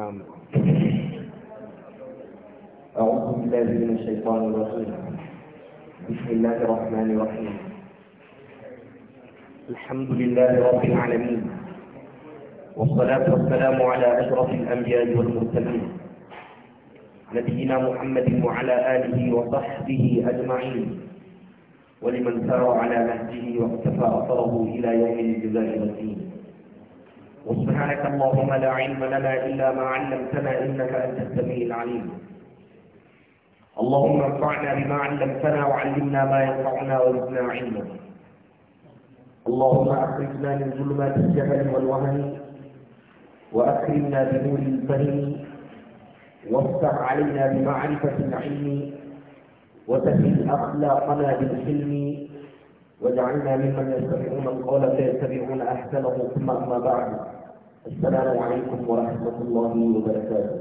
نعم أعوذ بالله من الشيطان الرجيم بسم الله الرحمن الرحيم الحمد لله رب العالمين والصلاة والسلام على أشرف الأنبياء والمرسلين نبينا محمد وعلى آله وصحبه أجمعين ولمن سار على نهجه واقتفى أثره إلى يوم الجزاء والدين وسبحانك اللهم لا علم لنا إلا ما علمتنا إنك أنت السميع العليم اللهم انفعنا بما علمتنا وعلمنا ما ينفعنا وزدنا علما اللهم أخرجنا من ظلمات الجهل والوهن وأكرمنا بنور الفهم وافتح علينا بمعرفة العلم وتفل أخلاقنا بالحلم وجعلنا ممن يستمعون القول فيتبعون احسنه ثم اما بعد السلام عليكم ورحمه الله وبركاته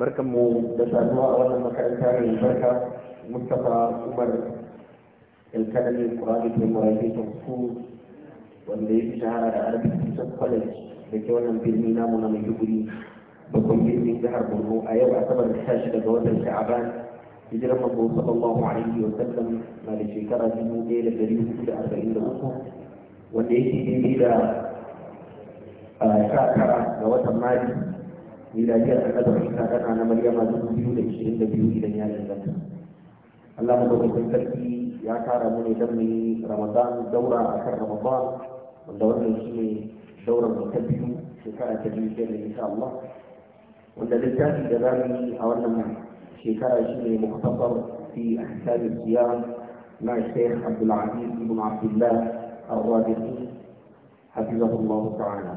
بركم بسالوا اولا مكان ثاني البركه مصطفى عمر الكلمي القرآني في مراجعة الصور واللي في على العربي في سوق خلج لكي بيرمينا منا من جبري بكل يرمي زهر بنو أيوة أعتبر الحاج لدوات الشعبان hijirar mako sallallahu alaihi wa sallam na da shekara dubu ɗaya da ɗari hudu da arba'in da uku wanda yake daidai da sha tara ga watan mari miladiyar annabi isa dana na maryama dubu biyu da ishirin da biyu idan ya danganta Allah madaukakin sarki ya tara mu ne don mu yi ramadan daura a kan ramadan wanda wannan shi ne daura mu ta biyu shekara ta biyu da insha Allah wanda littafi da za mu yi a wannan حكاية شيء مختصر في أحساب الصيام مع الشيخ عبد العزيز بن عبد الله الرازقي حفظه الله تعالى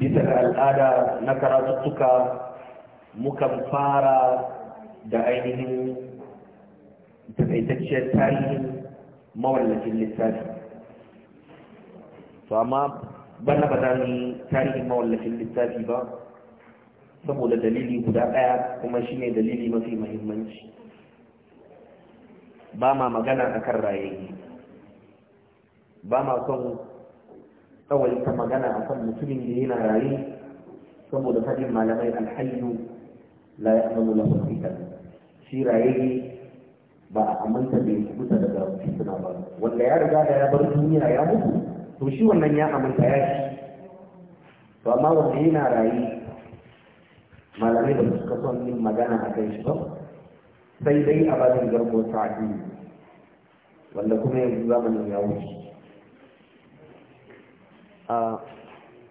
بسرعة الآداء نكرا جدتك مكمفارا دعينه تفعيت الشيء التاريخ مولة للسادة فما بنا بداني تاريخ مولة للسادة saboda dalili guda ɗaya kuma shi ne dalili mafi mahimmanci ba ma magana a kan rayayi ba ma son tsawaita magana a kan mutumin da yana raye saboda fadin malamai alhayu la ya amalu la fitar shi rayayi ba a amanta da ya kusa daga fitina ba wanda ya riga da ya bar duniya ya mutu to shi wannan ya amanta ya shi to amma wanda yana raye malamai da suka son yin magana a kai shi ba sai dai a bayan garbo sa'adi wanda kuma yanzu zamanin ya wuce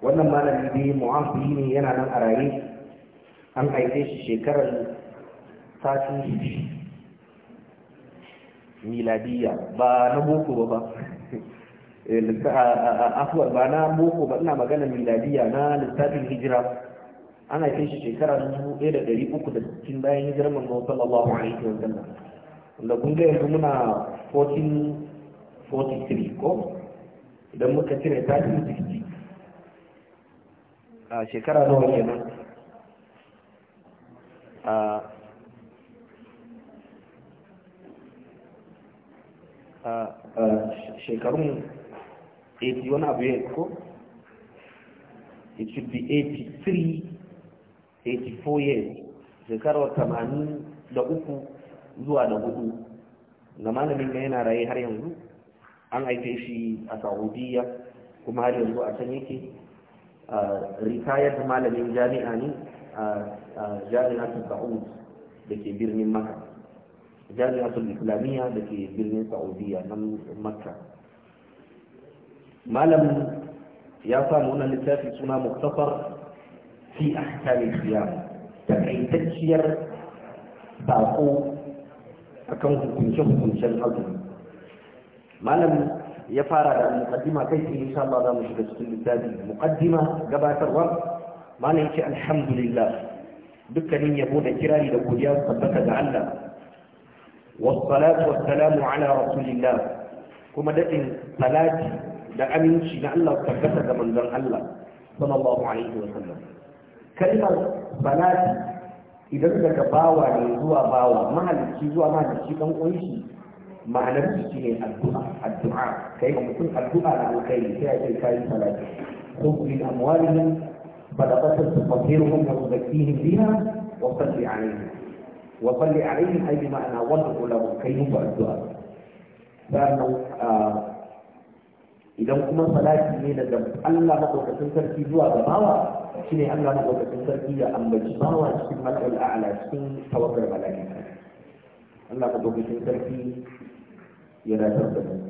wannan malami dai mu'amfi ne yana nan a raye an haife shi shekarar sati miladiya ba na boko ba ba eh, afuwar ba na boko ba ina magana miladiya na lissafin hijira ana kai shi shekara na dubu ɗaya da ɗari uku da cikin bayan hijirar manzo sallallahu alaihi wa sallam wanda kun ga yanzu muna 1443 ko idan muka cire ta yi sixty a shekara nawa kenan a shekarun 80 wani abu ya ko it should be 83 84 years shekarar 83 zuwa da hudu ga malamin da yana raye har yanzu an haife shi a saudiya kuma har yanzu a can yake rikayar da malamin jami'a ne a jami'atul sa'ud da ke birnin makka jami'atul islamiyya da ke birnin saudiya nan maka malam ya samu wannan littafi suna muktafar fi ahkamin siyam takaitacciyar bako akan hukunce hukuncin azumi malam ya fara da muqaddima kai ke insha Allah za mu shiga cikin littafi muqaddima gabatarwa malam yace alhamdulillah dukkanin yabo da kirari da godiya su tabbata ga Allah wassalatu wassalamu ala rasulillah kuma dadin salati da aminci na Allah tabbata ga manzon Allah sallallahu alaihi wa sallam kalmar banati idan daga bawa ne zuwa bawa mahalicci zuwa mahalicci dan kunshi ma'anar shi shine addu'a addu'a kai ga mutum addu'a da na alkhairi sai ake kai salati khudh min amwalihim sadaqatan tutahhiruhum wa tuzakkihim biha wa salli alaihim wa salli alaihim ay bi ma'ana wad'u lahum kai musu addu'a sannan ah, idan kuma salati ne daga Allah madaukakin sarki zuwa ga bawa shi ne Allah na ɗaukacin sarki ya ambaci bawa cikin mala'ul a'la cikin tawagar mala'ika Allah ka ɗaukacin sarki ya ratar da mu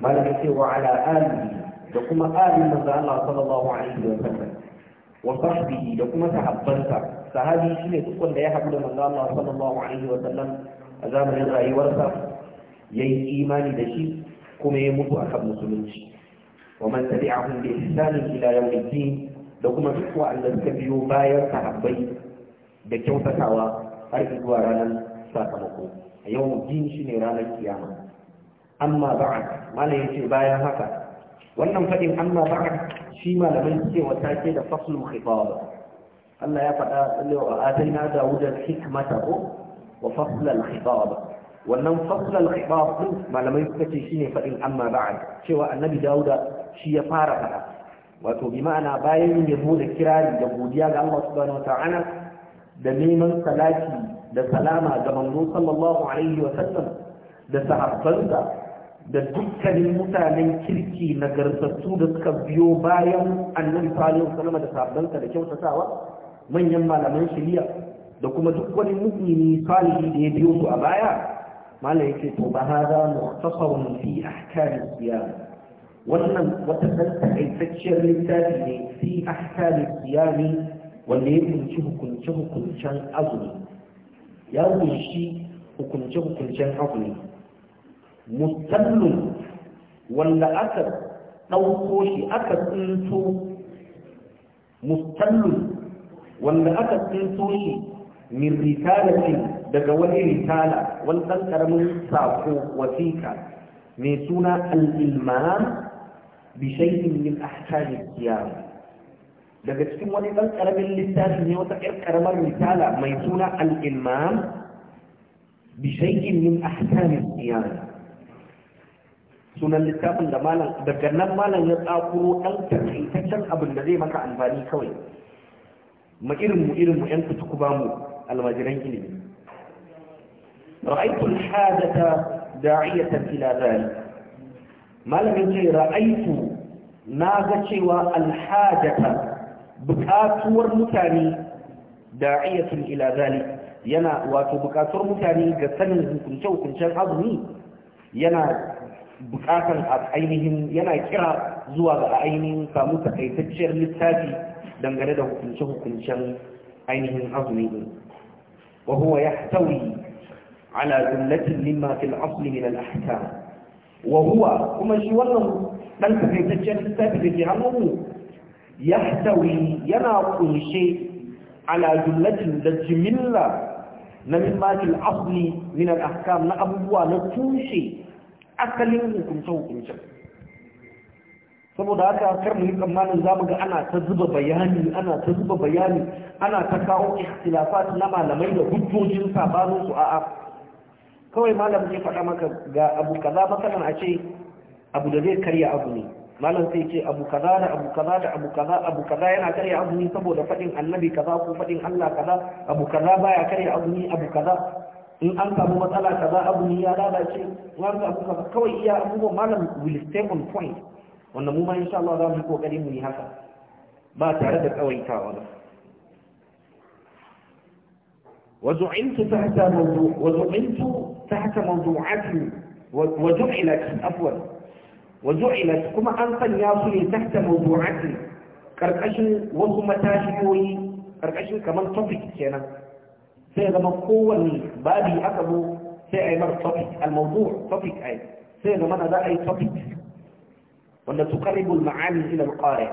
malaka ce wa ala alihi da kuma alin manzo Allah sallallahu alaihi wa sallam wa sahbihi da kuma sahabbansa sahabi shi ne duk wanda ya haɗu da manzo Allah sallallahu alaihi wa sallam a zamanin rayuwarsa Ya yi imani da shi kuma ya mutu a kan musulunci ومن تبعهم بإحسان إلى يوم الدين da kuma duk wa'anda suka biyo bayan sahabbai da kyautatawa har zuwa ranar sakamako a yau din shi ne ranar kiyama amma ba'a mala ya ce bayan haka wannan faɗin amma ba'a shi malamai suke wata ce da faslul khitab Allah ya faɗa lewa ataina Dawuda hikmata ko wa faslul khitab wannan faslul khitab malamai suka ce shine faɗin amma ba'a cewa annabi Dawuda shi ya fara faɗa wato bi ma'ana bayan yabo da kirari da godiya ga Allah subhanahu wata'ala da neman salati da salama ga manzo sallallahu alaihi wa sallam da sahabbansa da dukkanin mutanen kirki nagartattu da suka biyo bayan annabi sallallahu alaihi wa sallam da sahabbansa da kyautatawa manyan malaman shari'a da kuma duk wani mu'mini salihi da ya biyo su a baya malai yake to ba hada mu'tasarun fi ahkamis siyasa wannan wata ɗan takaitacciyar littafi ne fi ahkami siyami wanda ya kunci hukunce hukuncen azumi ya kunshi hukunce hukuncen azumi wanda aka ɗauko shi aka tsinto mustallun wanda aka tsinto shi min daga wani ritala wani ɗan ƙaramin sako wasiƙa mai suna al-ilman بشيء من أحكام الصيام daga cikin wani ɗan ƙaramin littafi ne wata ƴar ƙaramar misala mai suna al-imam bi shay'in min ahkam as-siyam sunan littafin da malam daga nan malam ya tsakuro ɗan takaitaccen abin da zai maka amfani kawai ma irin mu irin mu ƴan kutuku ba mu almajiran ilimi ra'aytu al-hadatha da'iyatan ila dhalik malamin ce ra'aitu na ga cewa alhajata bukatuwar mutane da ila zalik yana wato bukatuwar mutane ga sanin hukunce-hukuncen azumi yana bukatar a ainihin yana kira zuwa ga ainihin samu takaitacciyar littafi dangane da hukunce-hukuncen ainihin azumi ne wa huwa yahtawi ala jumlatin mimma fil asli min na ahkam wa huwa kuma shi wannan dan takaitaccen littafi da ke hannunmu yahtawi yana kunshe ala jumlatin da jimilla na mimmatil asli min al na abubuwa na tushe asalin hukunce hukuncen saboda haka kar mu yi tsammanin za mu ga ana ta zuba bayani ana ta zuba bayani ana ta kawo ikhtilafat na malamai da hujjojin sabanin su a'a kawai malam zai faɗa maka ga abu kaza nan a ce abu da zai karya abu ne malam sai ce abu kaza da abu kaza da abu kaza abu kaza yana karya abu ne saboda faɗin annabi kaza ko faɗin Allah kaza abu kaza baya karya abu ne abu kaza in an samu matsala kaza abu ne ya lalace in an samu kaza kawai iya abubuwan malam will stay on point wanda mu ma insha Allah za mu yi kokari mu yi haka ba tare da tsawaitawa ba وزعمت تحت موضوع وزعمت تحت موضوعات وجعلت عفوا وجعلت كما انت ياصل تحت موضوعات كركش وهم تاشيوي كركش كمان توبيك كينا سي لما قول بابي اكبو سي اي مر توبيك الموضوع توبيك اي سي لما دا اي توبيك ولا تقرب المعاني الى القارئ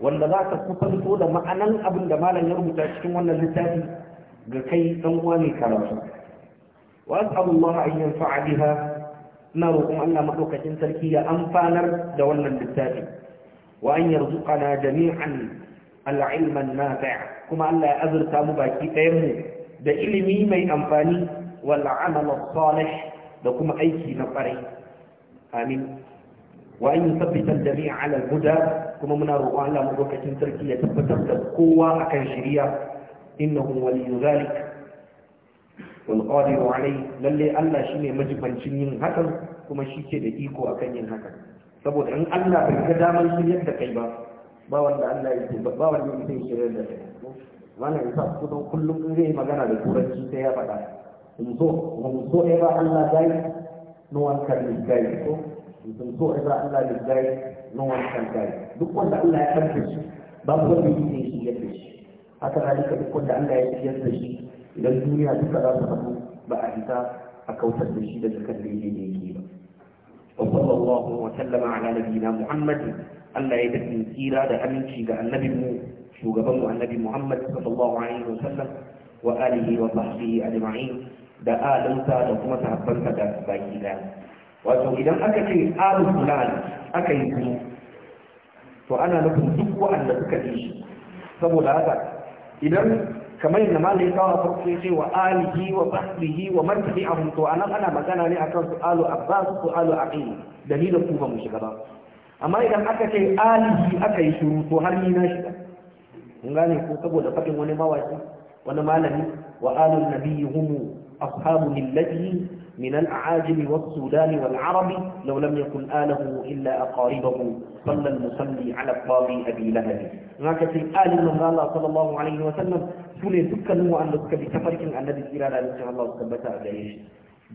ولا لا تكفر تقول معنى ابن دمال يرمو تاشيوي ولا لتاشيوي ga kai dan uwa karatu wa as'alullah an yanfa'a biha ina roƙon Allah madaukakin sarki ya amfanar da wannan littafi wa an yarzuqana jami'an al-ilma an-nafi' kuma Allah ya azurta mu baki ɗayan mu da ilimi mai amfani wal amal salih da kuma aiki na ƙwarai amin wa an yusabbita al-jami'a ala al-huda kuma muna roƙon Allah madaukakin sarki ya tabbatar da kowa akan shari'a إنه ولي ذلك والقادر عليه للي yin شيني مجبنشين من هكذا كما شيكي لإيكو yin هكذا saboda in Allah bai ga damar shi yadda kai ba ba wanda Allah ya ce ba wanda ya ce shi yadda kai ba ne kullum in zai magana da turanci sai ya faɗa in so so ai Allah dai no one can be guy so so ai Allah be guy no one duk wanda Allah ya tantance ba ku ga yadda shi haka zalika duk wanda Allah ya tafiyar da shi idan duniya duka za su rabu ba a fita a kautar da shi da zakar da yake yake ba wa sallallahu wa sallama ala nabiyina muhammadin Allah ya dace tsira da aminci ga annabin mu shugaban mu annabi muhammad sallallahu alaihi wa sallam wa alihi wa sahbihi ajma'in da alinsa da kuma sahabbansa da baki daya wato idan aka ce alu fulan aka yi to ana nufin duk wa'anda suka ji shi saboda haka idan kamar yadda ya kawo farko ya ce wa alihi wa bahrihi wa a hunto a anan ana magana ne akan alu abbas su'alu aqil da ni da ku ba mu shiga ba amma idan aka ce alihi aka yi shiru to har ni na shiga kun gane ko saboda faɗin wani mawaki wani malami wa biyu nabiyyi a ashabu millatihi من الأعاجم والسودان والعرب لو لم يكن آله إلا أقاربه صلى المصلي على الطابي أبي لهب هناك في آل الله صلى الله عليه وسلم سولي دكا أن لك بسفرك الذي إلى إن شاء الله ثبت أجيش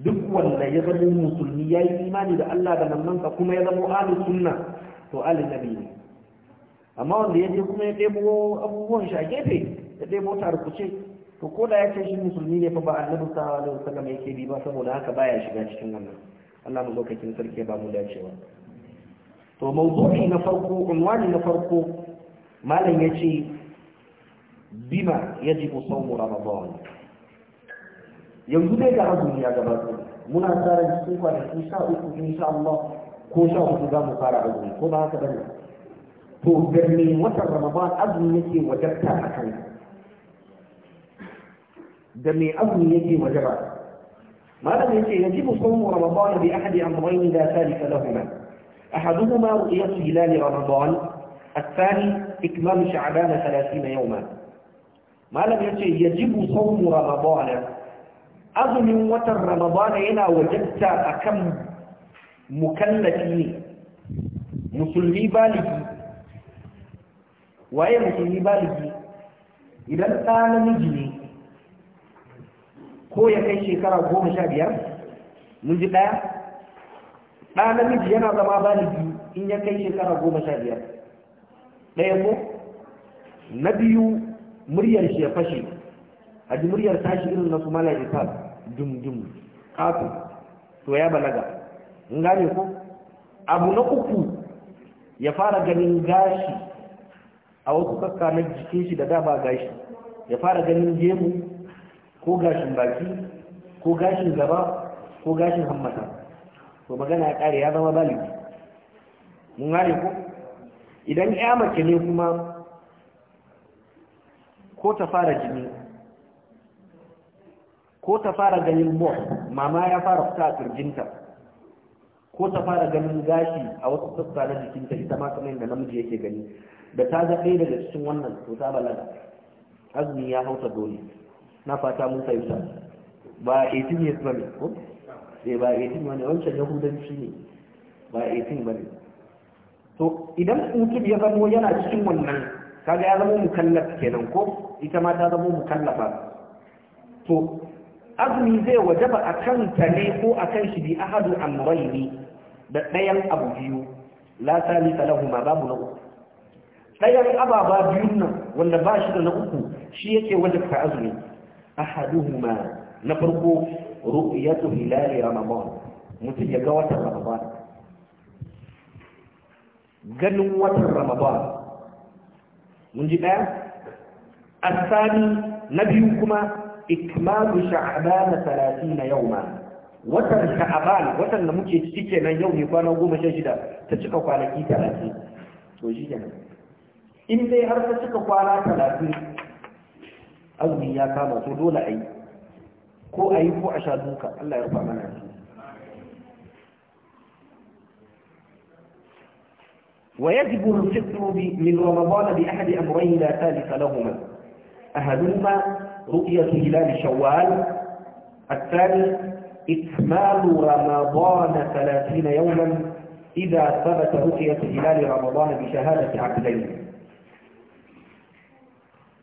duk wanda ya zama musulmi ya yi imani da Allah da manzansa kuma ya zama ahlus sunna to ahlul nabi ne amma wanda ya je kuma ya ɗebo abubuwan a gefe ya ɗebo to ko da ya ce shi musulmi ne fa ba annabi sallallahu alaihi wasallam yake bi ba saboda haka baya shiga cikin wannan Allah mu lokacin sarki ba mu dacewa to mawdu'i na farko unwani na farko malam yace bima yajibu sawmu ramadan yanzu dai ga azumi ya ku. muna tsara cikin kwanaki sha uku insha Allah ko sha uku za mu fara azumi ko ba haka bane to garne watan ramadan azumi yake wajabta a ku. da mai azumi yake wajaba malam yace yajibu sawmu ramadan bi ahadi amrayn la thalika lahuma ahaduhuma ru'yatu hilal ramadan الثاني إكمال شعبان ثلاثين يوما ما لم يتي يجب صوم رمضان أظن وتر رمضان هنا وجدت أكم مكلفين مسلمي بالغي وأي مسلمي بالغي إذا كان مجني ko ya kai shekara goma sha biyar mun ji ɗaya ɗa namiji yana zama biyu in ya kai shekara goma sha biyar ɗaya ko na biyu muryar shi ya fashe a ji muryar tashi irin na su mala ita dum dum kafu to ya balaga in gane ko abu na uku ya fara ganin gashi a wasu kakka na jikin shi da dama gashi ya fara ganin gemu ko gashin baki ko gashin gaba ko gashin hammata to magana ya kare ya zama baligi mun gane ko idan ya mace ne kuma ko ta fara jini ko ta fara ganin bo mama ya fara fita a kirjinta ko ta fara ganin gashi a wasu sassa na jikinta ita ma kamar yadda namiji yake gani da ta ga daga cikin wannan to ta balaga azumi ya hauta dole na fata mun fahimta ba 18 years eh, ba ne ko sai ba 18 ba ne wancan yahudanci ne ba 18 ba ne to idan mutum ya zamo yana cikin wannan kaga ya zama mukallaf kenan ko ita ma ta zama mukallafa to azumi zai wajaba a kanta ne ko a kan shi bi ahadu amrayni da ɗayan abu biyu la salisa lahuma babu na uku ɗayan ababa biyun nan wanda ba shi da na uku shi yake wajabta azumi ahaduhuma na farko ru'yatu hilali ramadan mutum ya ga watan ramadan ganin watan ramadan mun ji daya asani na biyu kuma ikmalu sha'ban 30 yawma watan sha'ban watan da muke ciki kenan yau ne kwana goma sha shida ta cika kwanaki 30 to shi kenan in dai har ta cika kwana talatin. azumi ya kama to dole a أي ko a yi ko a sha duka Allah ya rufa mana ويجب الفطر من رمضان بأحد أمرين لا ثالث لهما أحدهما رؤية هلال شوال الثاني إكمال رمضان ثلاثين يوما إذا ثبت رؤية هلال رمضان بشهادة عبدين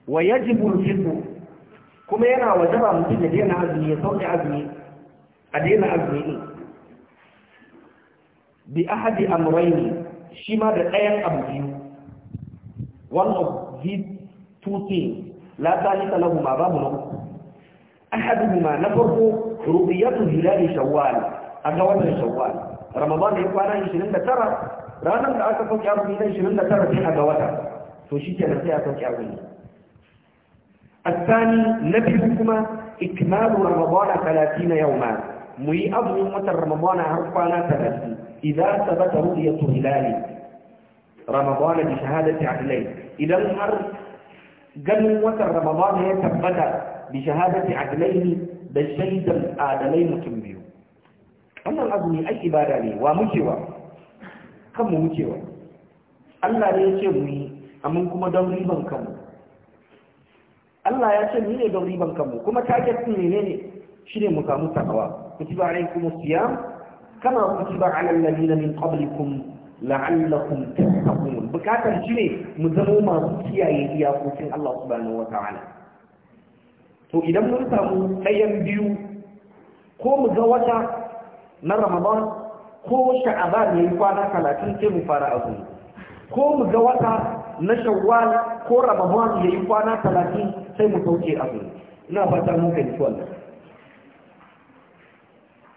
wa yajibul fiqh kuma yana wajaba mutum ya daina azumi ya sauke azumi a daina azumi ne bi ahadi amrayni shi ma da ɗayan abu biyu one of these two things la thalika lahuma babu na uku ahaduhuma na farko ru'yatu hilal shawwal aga wannan shawwal ramadan ya kwana 29 ranar da aka sauke azumi na 29 a ga wata to shi kenan sai a sauke azumi الثاني نبيكما إكمال رمضان ثلاثين يوما مي أظن متى رمضان عرفانا ثلاثين إذا ثبت رؤية هلال رمضان بشهادة عدلين إذا الهر قال متى رمضان يثبت بشهادة عدلين بالشهيد الآدمين تنبيه أن الأظن أي إبادة لي ومجوى كم مجوى Allah ne ya ce mu yi amma kuma don riban kanmu Allah ya ce ni ne don riban kanmu kuma target din menene shine mu samu takawa kutiba alaikum siyam kama kutiba alal ladina min qablikum la'allakum tattaqun bukatar shi ne mu zama masu kiyaye iyakokin Allah subhanahu wataala to idan mun samu ɗayan biyu ko mu ga wata na Ramadan ko sha'aban yayi kwana 30 sai mu fara azumi ko mu ga wata na shawwal ko ramadan ya yi kwana talatin sai mu sauke abu ina fata mun fahimci wannan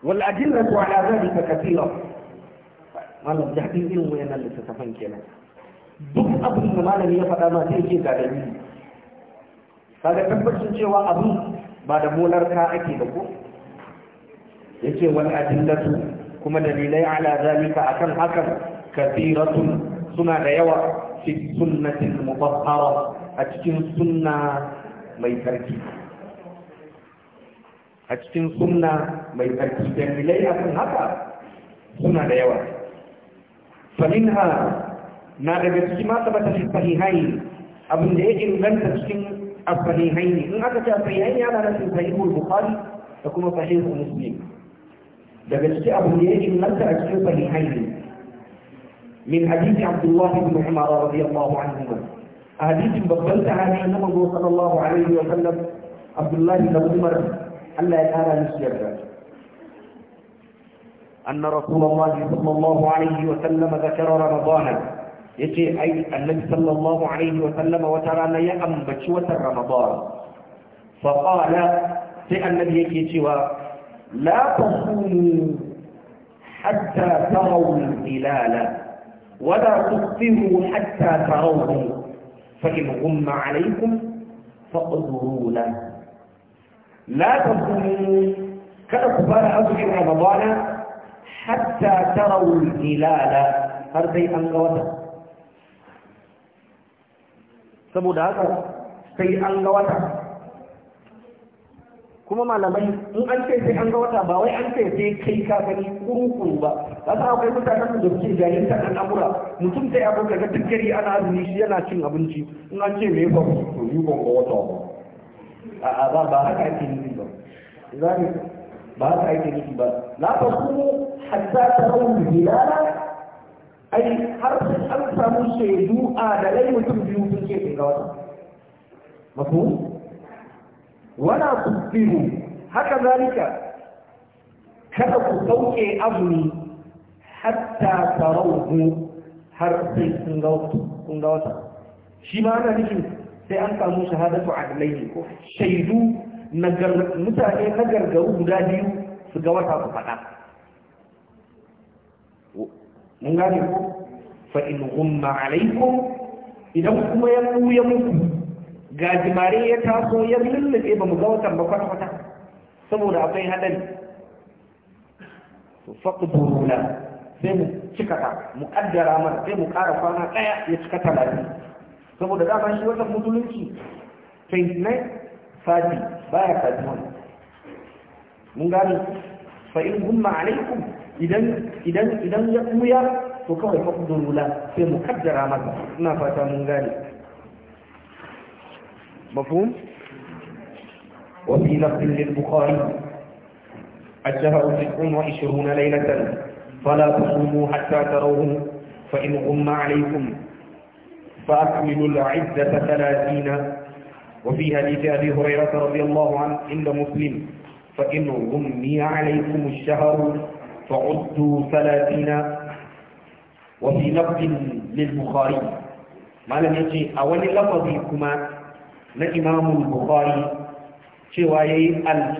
wal adillatu ala dhalika kathira malam da hadin irin wayannan littattafan kenan duk abin da malami ya faɗa ma sai ke ga dalili kaga tabbacin cewa abu ba da molar ka ake da ko yace wal su kuma dalilai ala zalika akan hakan kathiratun suna da yawa fi sunnatin mutahhara a cikin sunna mai tsarki a cikin sunna mai tsarki dalilai akan haka suna da yawa faminha na daga cikin ma tabbata fi sahihai abin da ya inganta cikin sahihai in aka ce sahihai yana nufin sahihul bukhari da kuma sahihul muslim daga cikin abin da ya inganta a cikin sahihai من حديث عبد الله بن عمر رضي الله عنهما حديث بقلت عن النبي صلى الله عليه وسلم عبد الله بن عمر ألا يرى مسجدا أن رسول الله صلى الله عليه وسلم ذكر رمضان يجي أي النبي صلى الله عليه وسلم وترى لا يأم بشوة رمضان فقال في النبي يجي لا تصوموا حتى تروا الهلال ولا تفطروا حتى تروني فإن غم عليكم فاضرونا لا تظلموا كأكبر أزكي رمضان حتى تروا الهلال هذا أن غوتا سمو داكو سي أن غوتا kuma malamai in an ce sai an ga wata ba wai an ce sai kai ka gani kurukuru ba ka san akwai mutanen da suke ta dan amura mutum sai abin daga duk gari ana azumi shi yana cin abinci in an ce me ba to yi ba ga wata ba a ba ba haka ake nufi ba zai ba haka ake nufi ba la ta ku hatta ta rawu hilala ai har sai an samu shaidu a da lai mutum biyu sun ce ga wata mafhum wala tusbihu haka zalika kada ku sauke azumi hatta tarauhu har sai sun ga kun ga wata shi ma ana nufin sai an samu shahadatu adlaini ko shaidu mutane na gargaru guda biyu su ga wata ku faɗa mun gane ko fa in gumma alaikum idan kuma ya ɓuya muku gajimare ya taso ya lullube ba mu ga watan ba kwata-kwata saboda akwai haɗari to faƙuduru sai mu cika ta mu ƙaddara mana sai mu ƙara kwana ɗaya ya cika talatin saboda dama shi wata musulunci 29 sati ya sati wani mun gani fa'in in gumma alaikum idan idan idan ya kuya to kawai faƙuduru na sai mu ƙaddara mana ina fata mun gane مفهوم وفي لفظ للبخاري الشهر تسع وعشرون ليلة فلا تصوموا حتى تروه فإن غم عليكم فأكملوا العدة ثلاثين وفي حديث أبي هريرة رضي الله عنه عند مسلم فإن غمي عليكم الشهر فعدوا ثلاثين وفي لفظ للبخاري ما لم يجي أول لفظكما na imamun bukari cewa ya yi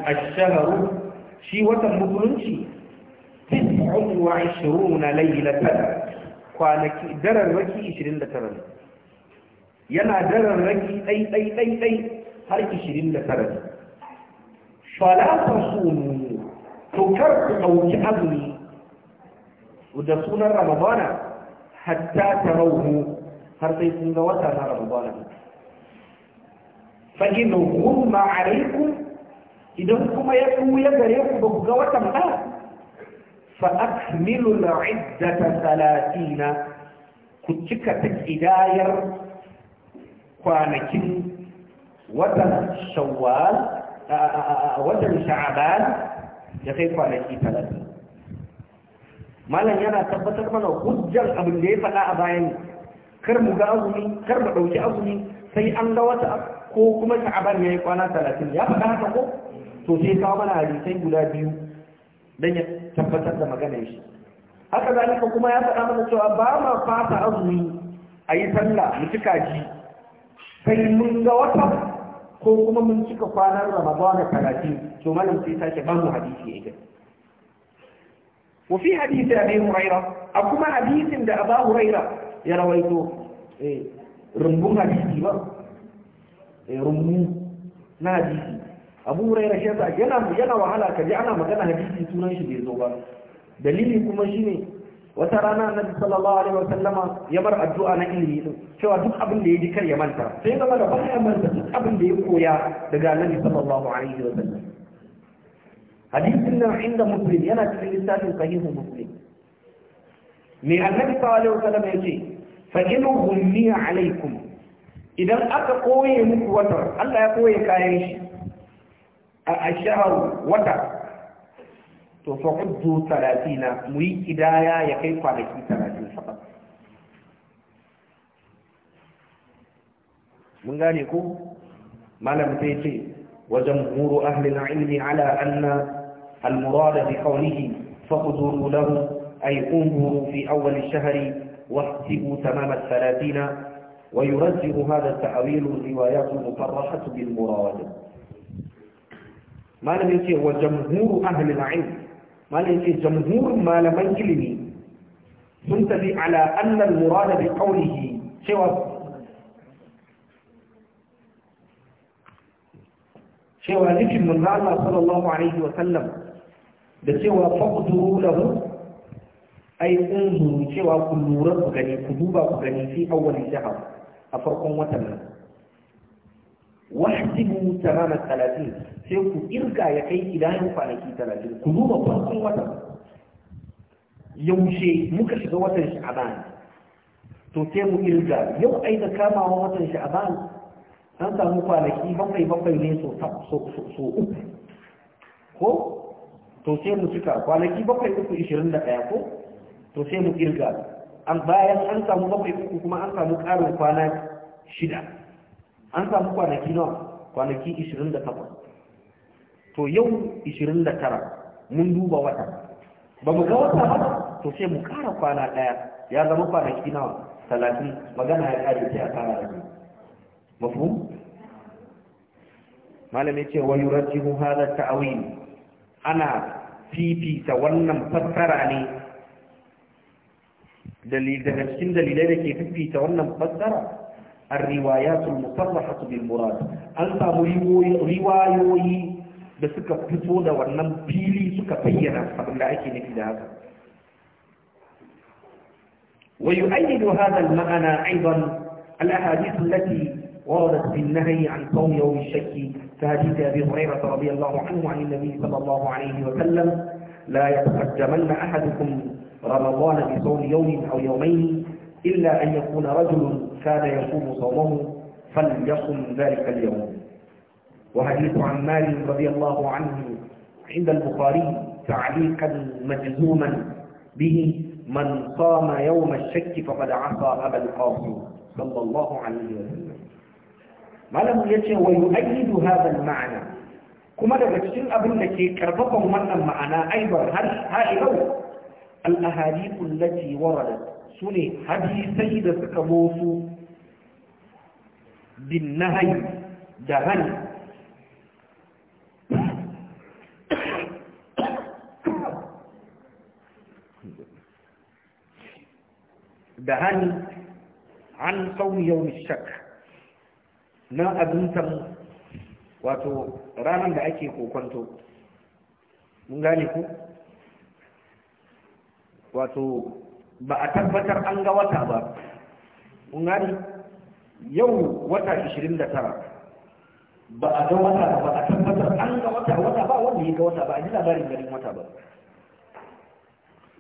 al-shaharu shi watan musulunci tis'un wa na laylatan kwanaki dararraki 29 yana dararraki dai ɗai ɗai ɗai har 29 fala tasumu to kar ku dauki azumi da sunan ramadana hatta tarawhu har sai sun ga wata na ramadana fagin hukumma alaikum idan kuma ya tsuya gare ku ba ku ga watan ba fa akmilu al-iddata salatina ku cika ta kidayar kwanakin watan shawwal watan sha'aban da kai kwanaki talatin malam yana tabbatar mana hujjar abin da ya faɗa a bayan kar mu ga azumi kar mu ɗauki azumi sai an ga wata ko kuma sha'aban ya yi kwana talatin ya faɗa haka ko to sai kawo mana hadisai guda biyu don ya tabbatar da maganar shi haka zalika kuma ya faɗa mana cewa ba ma fata azumi a yi sallah mu cika ji sai mun ga wata ko kuma mun cika kwanar kwanan da talatin to malam sai sake ba mu hadisi ya وفي حديث أبي هريرة أكما حديث عند أبا هريرة يا رويته إيه رمبوها hadisi ba. rummu na hadisi abu huraira shi yasa yana yana wahala ka ji ana magana hadisi sunan shi bai zo ba dalili kuma shine wata rana annabi sallallahu alaihi wa sallama ya bar addu'a na ilimi din cewa duk abin da ya ji kar ya manta sai zama da baya manta duk abin da ya koya daga annabi sallallahu alaihi wa sallam hadisin nan inda muslim yana cikin littafin sahihu muslim me annabi sallallahu alaihi wa sallam ya ce fa in ghummiya alaikum idan aka koye muku wata Allah ya koye kayan shi a ashahar wata to fa uddu 30 mu yi kidaya ya kai kwanaki 30 saba mun gane ku malam sai ce wa jamhuru ahli al-ilmi ala anna al-murad bi qawlihi faqduru lahu ay umru fi awwal ash-shahri واحسبوا تمام الثلاثين ويرجح هذا التعويل الروايات المفرحة بالمراد ما لم يكن هو جمهور أهل العلم ما لم يكن جمهور ما لم يكلم تنتبه على أن المراد بقوله سوى سوى نجم من الله صلى الله عليه وسلم سوى فقدر له أي انظروا سوى كل رب غني قدوبة غني في أول شهر a farkon watan nan wahdihu tamama 30 sai ku irga ya kai ilahin kwanaki 30 ku duba farkon watan yaushe muka shiga watan sha'ban to sai mu irga yau ai da kamawa watan sha'ban an samu kwanaki bakwai bakwai ne so uku ko to sai mu cika kwanaki bakwai uku ishirin da ɗaya ko to sai mu irga. an bayan an samu bakwai uku kuma an samu ƙarin kwana shida an samu kwanaki nawa kwanaki 28 to yau 29 mun duba wata ba mu ga wata ba to sai mu ƙara kwana ɗaya ya zama kwanaki nawa talatin magana ya kare ta ya ƙara da mafu malam ce wa yurajihu hadha ta'wil ana fifita wannan fassara ne دليل ده نفسين دليلين كيف في تولى مقدرة الروايات المصرحة بالمراد أنت روايوي بسك فتودة ونم بيلي سك بينا فقل لعيك نكد هذا ويؤيد هذا المعنى أيضا الأحاديث التي وردت بالنهي عن قوم يوم الشك فهديث أبي هريرة رضي الله عنه عن النبي صلى الله عليه وسلم لا يتقدمن أحدكم رمضان بصوم يوم أو يومين إلا أن يكون رجل كان يصوم صومه فليصم ذلك اليوم وحديث عن مال رضي الله عنه عند البخاري تعليقا مجزوما به من صام يوم الشك فقد عصى أبا القاسم صلى الله عليه وسلم ما لم يتي ويؤيد هذا المعنى كما لو تشين أبن لكي كربكم من المعنى أيضا هل هائلون al-ahadithu allati waradat sune hadisai da suka motsu bin da hannu da an sauni yawon shak na abintan wato ranar da ake kokonto mun gane ku wato ba a tabbatar an ga wata ba kun yau wata 29 ba a ga wata ba a tabbatar an ga wata wata ba wanda ya ga wata ba a ji labarin ganin wata ba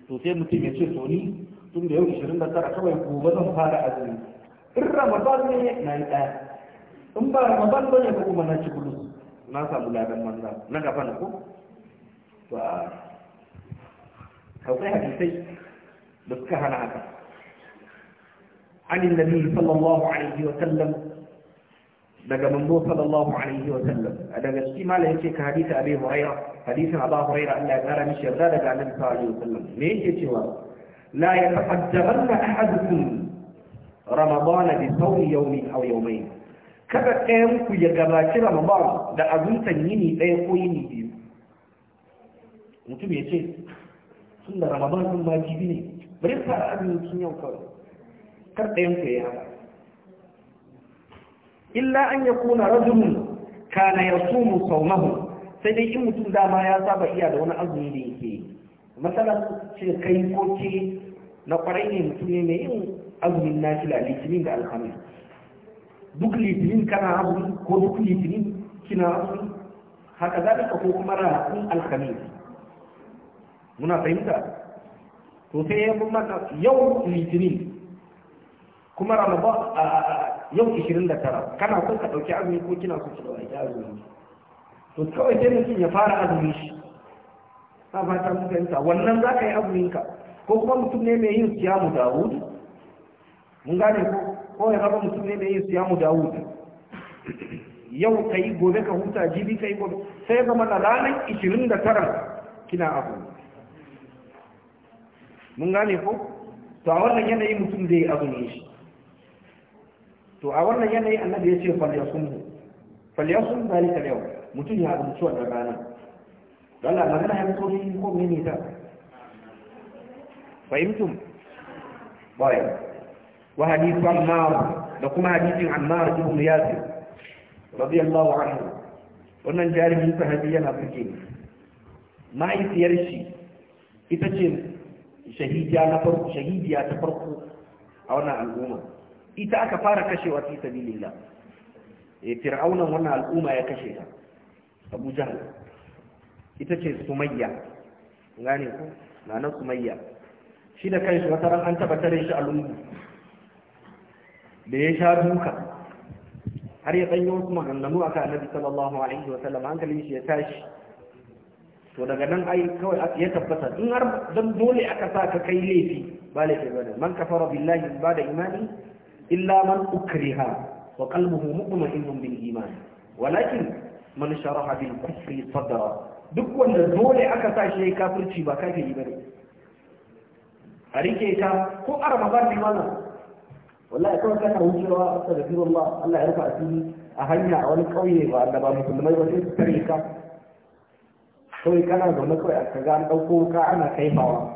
to sai mutum ya ce to ni tun da yau 29 kawai gobe zan fara azumi in ramadan ne na yi ɗaya in ba ramadan ba ne ba kuma na ci kudu na samu ladan manza na gaba na ko Ba. توضيح الشيء بكها نعم عن النبي صلى الله عليه وسلم دقى من نور صلى الله عليه وسلم أدقى شيء ما لهم شيء كحديث أبي هريرة حديث أبا هريرة أن أقرأ مش يرغى لقى النبي صلى الله عليه وسلم مين شيء شيء لا يتحجبن أحدكم رمضان بصوم يوم أو يومين kada ɗayan ku ya gabaci Ramadan da abin tanyi ne ɗaya ko yini biyu mutum ya ce tunda ramadan sun ma jibi ne bari ka azumi kin yau kawai kar ɗayan ka yi haka illa an kuna rajulun kana sau mahu sai dai in mutum dama ya saba iya da wani azumi da yake matsala ce kai ko ce na kwarai ne mutum ne mai yin azumin nafila litinin da alhamis duk litinin kana azumi ko duk litinin kina azumi haka ka ko kuma ranakun alhamis muna fahimta to sai ya kuma yau litinin kuma ramadan a yau 29 kana son ka dauki azumi ko kina son ka dauki azumi to kawai sai mutum ya fara azumi shi na fata muka yi wannan za ka yi azumin ka ko kuma mutum ne mai yin siyamu dawud mun gane ko ko ya mutum ne mai yin siyamu dawud yau ka yi gobe ka huta jibi ka yi gobe sai zama na ranar 29 kina azumi mun gane ko to a wannan yanayi mutum zai azumi shi to a wannan yanayi annabi ya ce falyasumhu falyasum zalika yau mutum ya azumci wannan rana Allah magana ya mutu shi ko mene ta fahimtum bayan wa hadithu ammar da kuma hadithin ammar ibn yasir radiyallahu anhu wannan jarumin sahabi yana burge ni mahaifiyar shi ita ce shahidiya na farko shahidiya ta farko a wannan al'umma ita aka fara kashewa fi sabilillah E, fir'aunan wannan al'umma ya kashe ta Abu Jahl ita ce Sumayya gane ku na nan Sumayya shi da kanshi wata ran an tabbatar shi a lungu da ya sha duka har ya danyo wasu maganganu akan Annabi sallallahu alaihi wa sallam hankalin shi ya tashi to daga nan ai kawai ya tabbata in har dan dole aka sa ka kai laifi ba laifi ba ne man kafara billahi ba da imani illa man ukriha wa qalbuhu mutma'innun bil iman walakin man sharaha bil kufri sadra duk wanda dole aka sa shi kafirci ba kafiri ba ne a rike ka ko a ramadan ne wannan wallahi kawai kana wucewa astaghfirullah Allah ya rufa asiri a hanya a wani kauye ba Allah ba musulmai ba sai su tare ka kawai kana zaune kawai a kaga an ɗauko ka ana kaifawa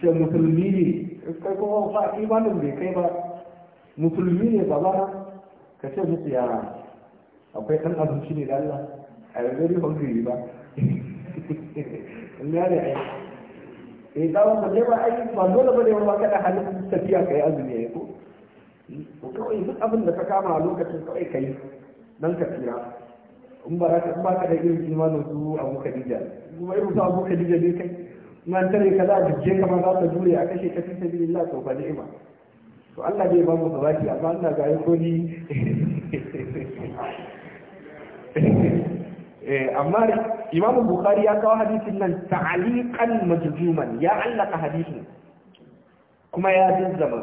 ce musulmi ne kai kuma fa imanin bai kai ba musulmi ne ba ba ka ce musu yara akwai ɗan abinci ne da Allah a yi very hungry ba in ya ne ai eh da wannan ne ba ai ba dole ba ne ba da halin tafiya kai azumi ai ko ko kawai duk abin da ka kama a lokacin kawai kai dan ka tsira in ba ka ba ka da irin imanin su abu kadija kuma irin su abu kadija ne kai man tare ka kaza, da bijje kama za ta jure a kashe ka fi sabilillah to ba ni'ima to Allah bai ba mu sabaki amma Allah ga yako ni eh, amma Imam Bukhari ya kawo hadisin nan ta'aliqan majzuman ya allaka hadisin kuma ya zazzama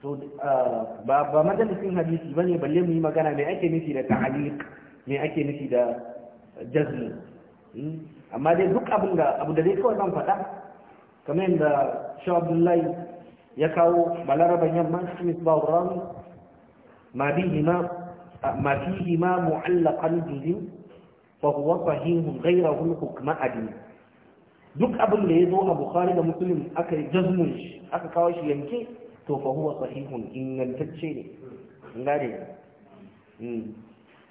to ah, ba ba majalisin hadisi bane balle mu yi magana mai ake nufi da ta'aliq me ake nufi da jazmi hmm? amma dai duk abin da abu da zai kawai zan faɗa kamar yadda shaw abdullahi ya kawo balaraban yamma smith bawran ma yi ma fihima mu'allaqan juzin fa huwa fahihun ghayrahu hukma adil duk abin da ya zo a bukhari da musulun aka yi jazmun shi aka kawo shi yanke to fa huwa ingantacce ne ngare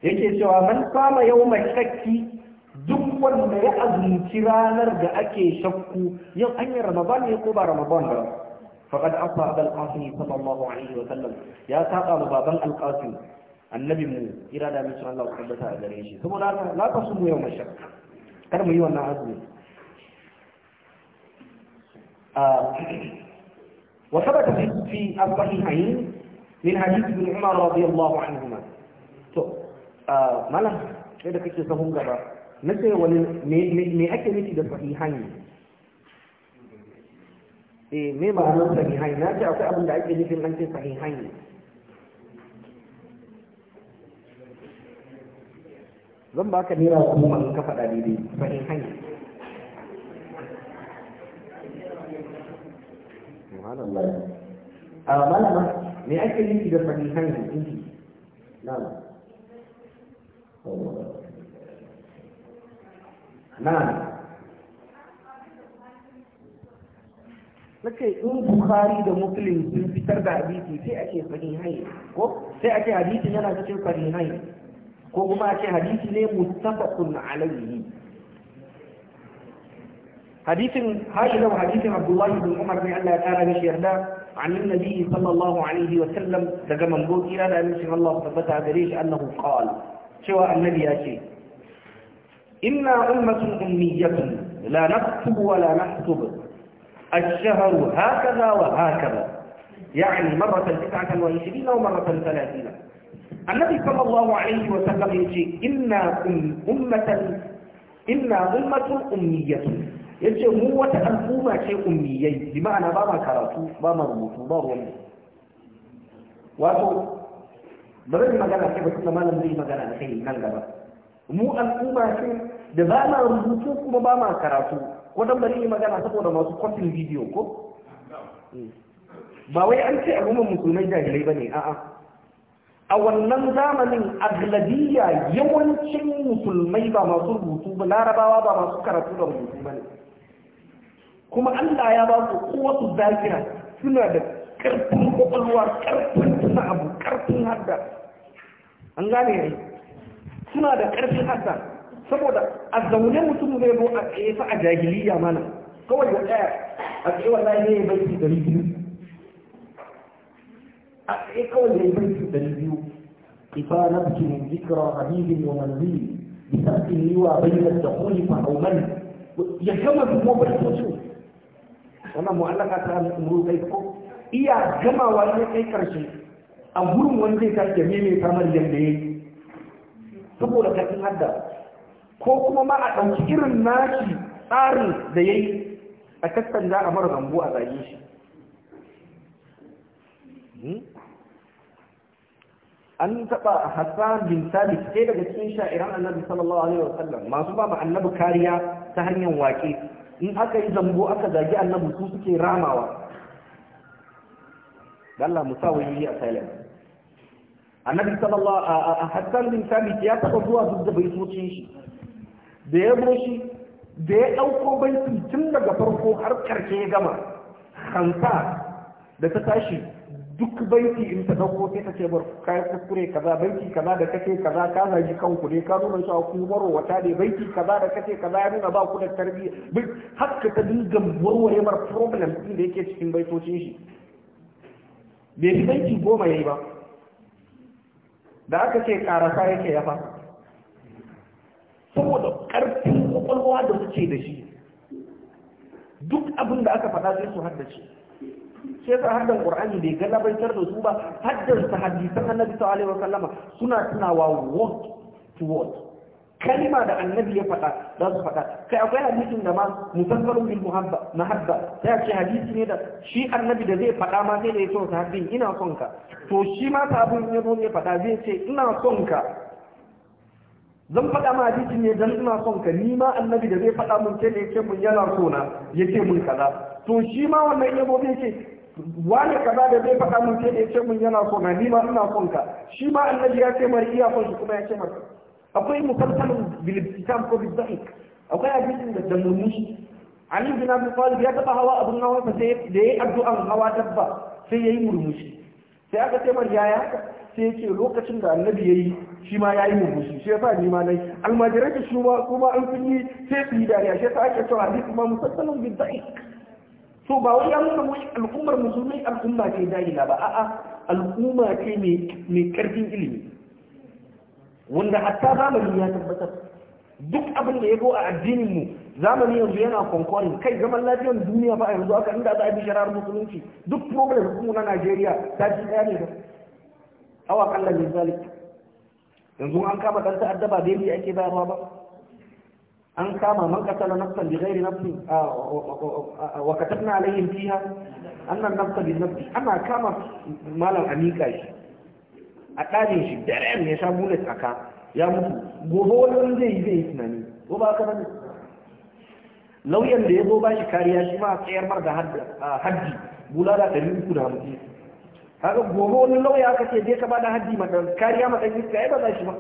yake cewa man kama yau mai shakki duk wanda ya azumci ranar da ake shakku yau an yi ramadan ne ko ba ramadan ba faqad afa abul qasim sallallahu alaihi wa sallam ya saba ma baban al qasim annabi mu ira da mu sallallahu alaihi wa sallam a gare shi saboda haka la tasumu yau mai shakka kar mu yi wannan azumi وثبت في الصحيحين من حديث ابن عمر رضي الله عنهما malam sai da kake sahun gaba na ce wani me ake nufi da sahihan eh me ma'anar sahihan na ce akwai abin da ake nufin an ce zan ba ka nira kuma in ka faɗa daidai sahihan Subhanallah. A malama me ake nufi da sahihan inji? ba. نعم Nake in Bukhari da Muslim sun fitar da hadisi sai a ce Fahimhai ko sai a ce hadisi yana cikin Fahimhai ko kuma a ce hadisi ne mustafakun alayhi. Hadisin Haila wa hadisin Abdullahi bin Umar ne Allah ya tara mishi yarda an yin nabi sallallahu alaihi wa sallam daga mambo ya da amincin Allah ta tabbata gare shi annahu qala سوى النبي ياتي إنا أمة أمية لا نكتب ولا نحسب الشهر هكذا وهكذا يعني مرة تسعة وعشرين ومرة ثلاثين النبي صلى الله عليه وسلم يجي إنا أمة إنا أمة أمية يجي هو تألفوما شيء أميين بمعنى بابا كراتو بابا رموتو بابا رموتو ba zan magana sai ba tunda malam zai magana da kai nan gaba mu al'umma ce da ba ma rubutu kuma ba ma karatu ko dan bari magana saboda masu kwafin bidiyo ko ba wai an ce al'umman musulmai jahilai bane a'a a wannan zamanin agladiya yawancin musulmai ba masu rubutu ba larabawa ba masu karatu da rubutu ba ne kuma allah ya ba su kowa su zakira suna da karfin kwakwalwa karfin abu karfin hadda an gane ne suna da karfin hadda saboda a zaune mutum zai zo a tsaye fa a jahiliya mana kawai ya tsaya a tsaye wallahi ne ya bai ɗari biyu a tsaye kawai ya bai ɗari biyu إفانة من ذكرى حبيب ومنزل بسقف اللوى بين الدخول فحومل يهتم بموبل الخصوص وانا معلقة عن امرو كيفكم iya gamawa ya kai karshe a gurin wani zai jami mai kamar yadda ya yi saboda kafin hadda ko kuma ma a ɗauki irin nashi tsarin da ya yi a kastan za a mara zambo a zage shi hmm? an taɓa hassan bin sabi sai daga cikin sha'iran annabi sallallahu alaihi wasallam masu ba annabi kariya ta hanyar wake in aka yi zambo aka zagi annabi su suke ramawa Allah mu sa wayoyi a silent annabi sallallahu a hassan bin sabit ya taɓa zuwa duk da baitocin shi da ya zo shi da ya ɗauko banki tun daga farko har karshe ya gama Hanta da ta tashi duk baiti in ta ɗauko sai ta ce bar kayan kuskure kaza baiti kaza da kake kaza ka zagi kanku ne ka nuna cewa ku baro wata ne baiti kaza da kake kaza ya nuna ba ku da tarbiyya haka ta dinga warware mar problem ɗin da yake cikin baitocin shi bai fi banki goma ya yi ba da aka ce karasa yake ya fa saboda ƙarfin kwakwalwa da ce da shi duk abin da aka faɗa sai su haddace sai sa haddan qur'ani bai galabaitar da su ba haddan sa hadisan annabi sallallahu alaihi wasallama suna tunawa word to word kalma da annabi ya faɗa za su faɗa kai akwai hadisin da ma musaffarun bil muhabba mahabba sai ce hadisi ne da shi annabi da zai faɗa ma zai ne son sahabin ina son ka to shi ma sahabin ya zo ne faɗa zai ce ina son ka zan faɗa ma hadisi ne dan ina son ka ni ma annabi da zai faɗa mun ce ne ce mun yana so na yace mun kaza to shi ma wannan yabo zai ce wani kaza da zai faɗa mun ce ne ce mun yana so na ni ma ina son ka shi ma annabi ya ce mara iya son shi kuma ya ce mara akwai musalsalin bilikitam ko bizaik akwai hadisin da damuni Ali bin Abi Talib ya taba hawa abun nawa sa sai da yayi addu'an hawa dabba sai yayi murmushi sai aka ce mar yaya sai yake lokacin da annabi yayi shi ma yayi murmushi sai fa ni ma nai almajirai da kuma an kun yi sai su yi dariya sai ta ake cewa hadisi ma musalsalin bizaik to ba wai ya nuna wai al'ummar musulmai al'umma ce da'ila ba a'a al'umma ce mai karfin ilimi wanda hatta zamani ya tabbatar duk abin da ya zo a addinin mu zamani yanzu yana konkorin kai zaman lafiyar duniya ba a yanzu aka inda za a bi shari'ar musulunci duk problem kuma na Najeriya ta ci daya ne ba awa kallan misali yanzu an kama dan ta'adda ba dai ake bayarwa ba an kama man qatala nafsan bi ghairi nafsi wa katabna alaihim fiha annan nafsa bi nafsi ana kama malam amika shi a ɗarin shi da ram ya sha bullet a ka ya mutu gobe wani wani zai yi zai yi tunani ko ba ka bane lauyan da ya zo ba shi kariya shi ma a tsayar mar da haddi da ɗari uku da hamsin haka gobe wani lauya aka ce je ka ba da haddi ma kariya ma ɗan iska ya ba za shi ba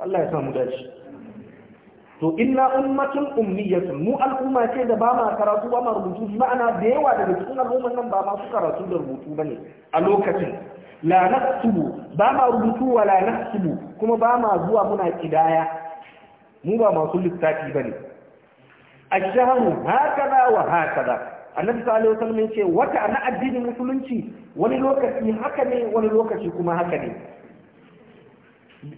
Allah ya samu dace to inna ummatun ummiyatun mu al'umma ce da ba ma karatu ba ma rubutu ma'ana da yawa daga cikin al'umman nan ba ma su karatu da rubutu bane a lokacin la naktubu ba ma rubutu wa la naktubu kuma ba ma zuwa muna kidaya mu ba masu lissafi bane ash-shahru hakaza wa hakaza annabi sallallahu alaihi wasallam ce wata na addinin musulunci wani lokaci haka ne wani lokaci kuma haka ne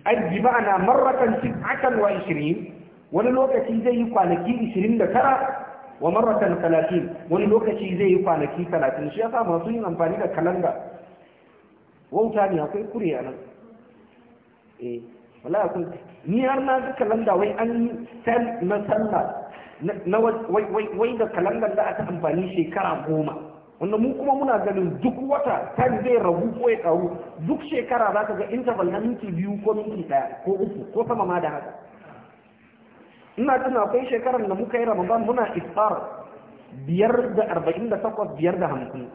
aji ma'ana marratan tis'atan wa 20 wani lokaci zai yi kwanaki 29 wa marratan 30 wani lokaci zai yi kwanaki 30 shi yasa masu yin amfani da kalanda wauta ne akwai kure a nan eh wala akwai ni har na ga kalanda wai an san sel na sallah na wai da kalandar da aka amfani shekara goma wanda mu kuma muna ganin duk wata kan zai ragu ko ya karu duk shekara za ka ga interval na minti biyu ko minti ɗaya ko uku ko sama ma da haka ina tuna akwai shekarar da muka yi ramadan muna iftar biyar da arba'in da takwas biyar da hamsin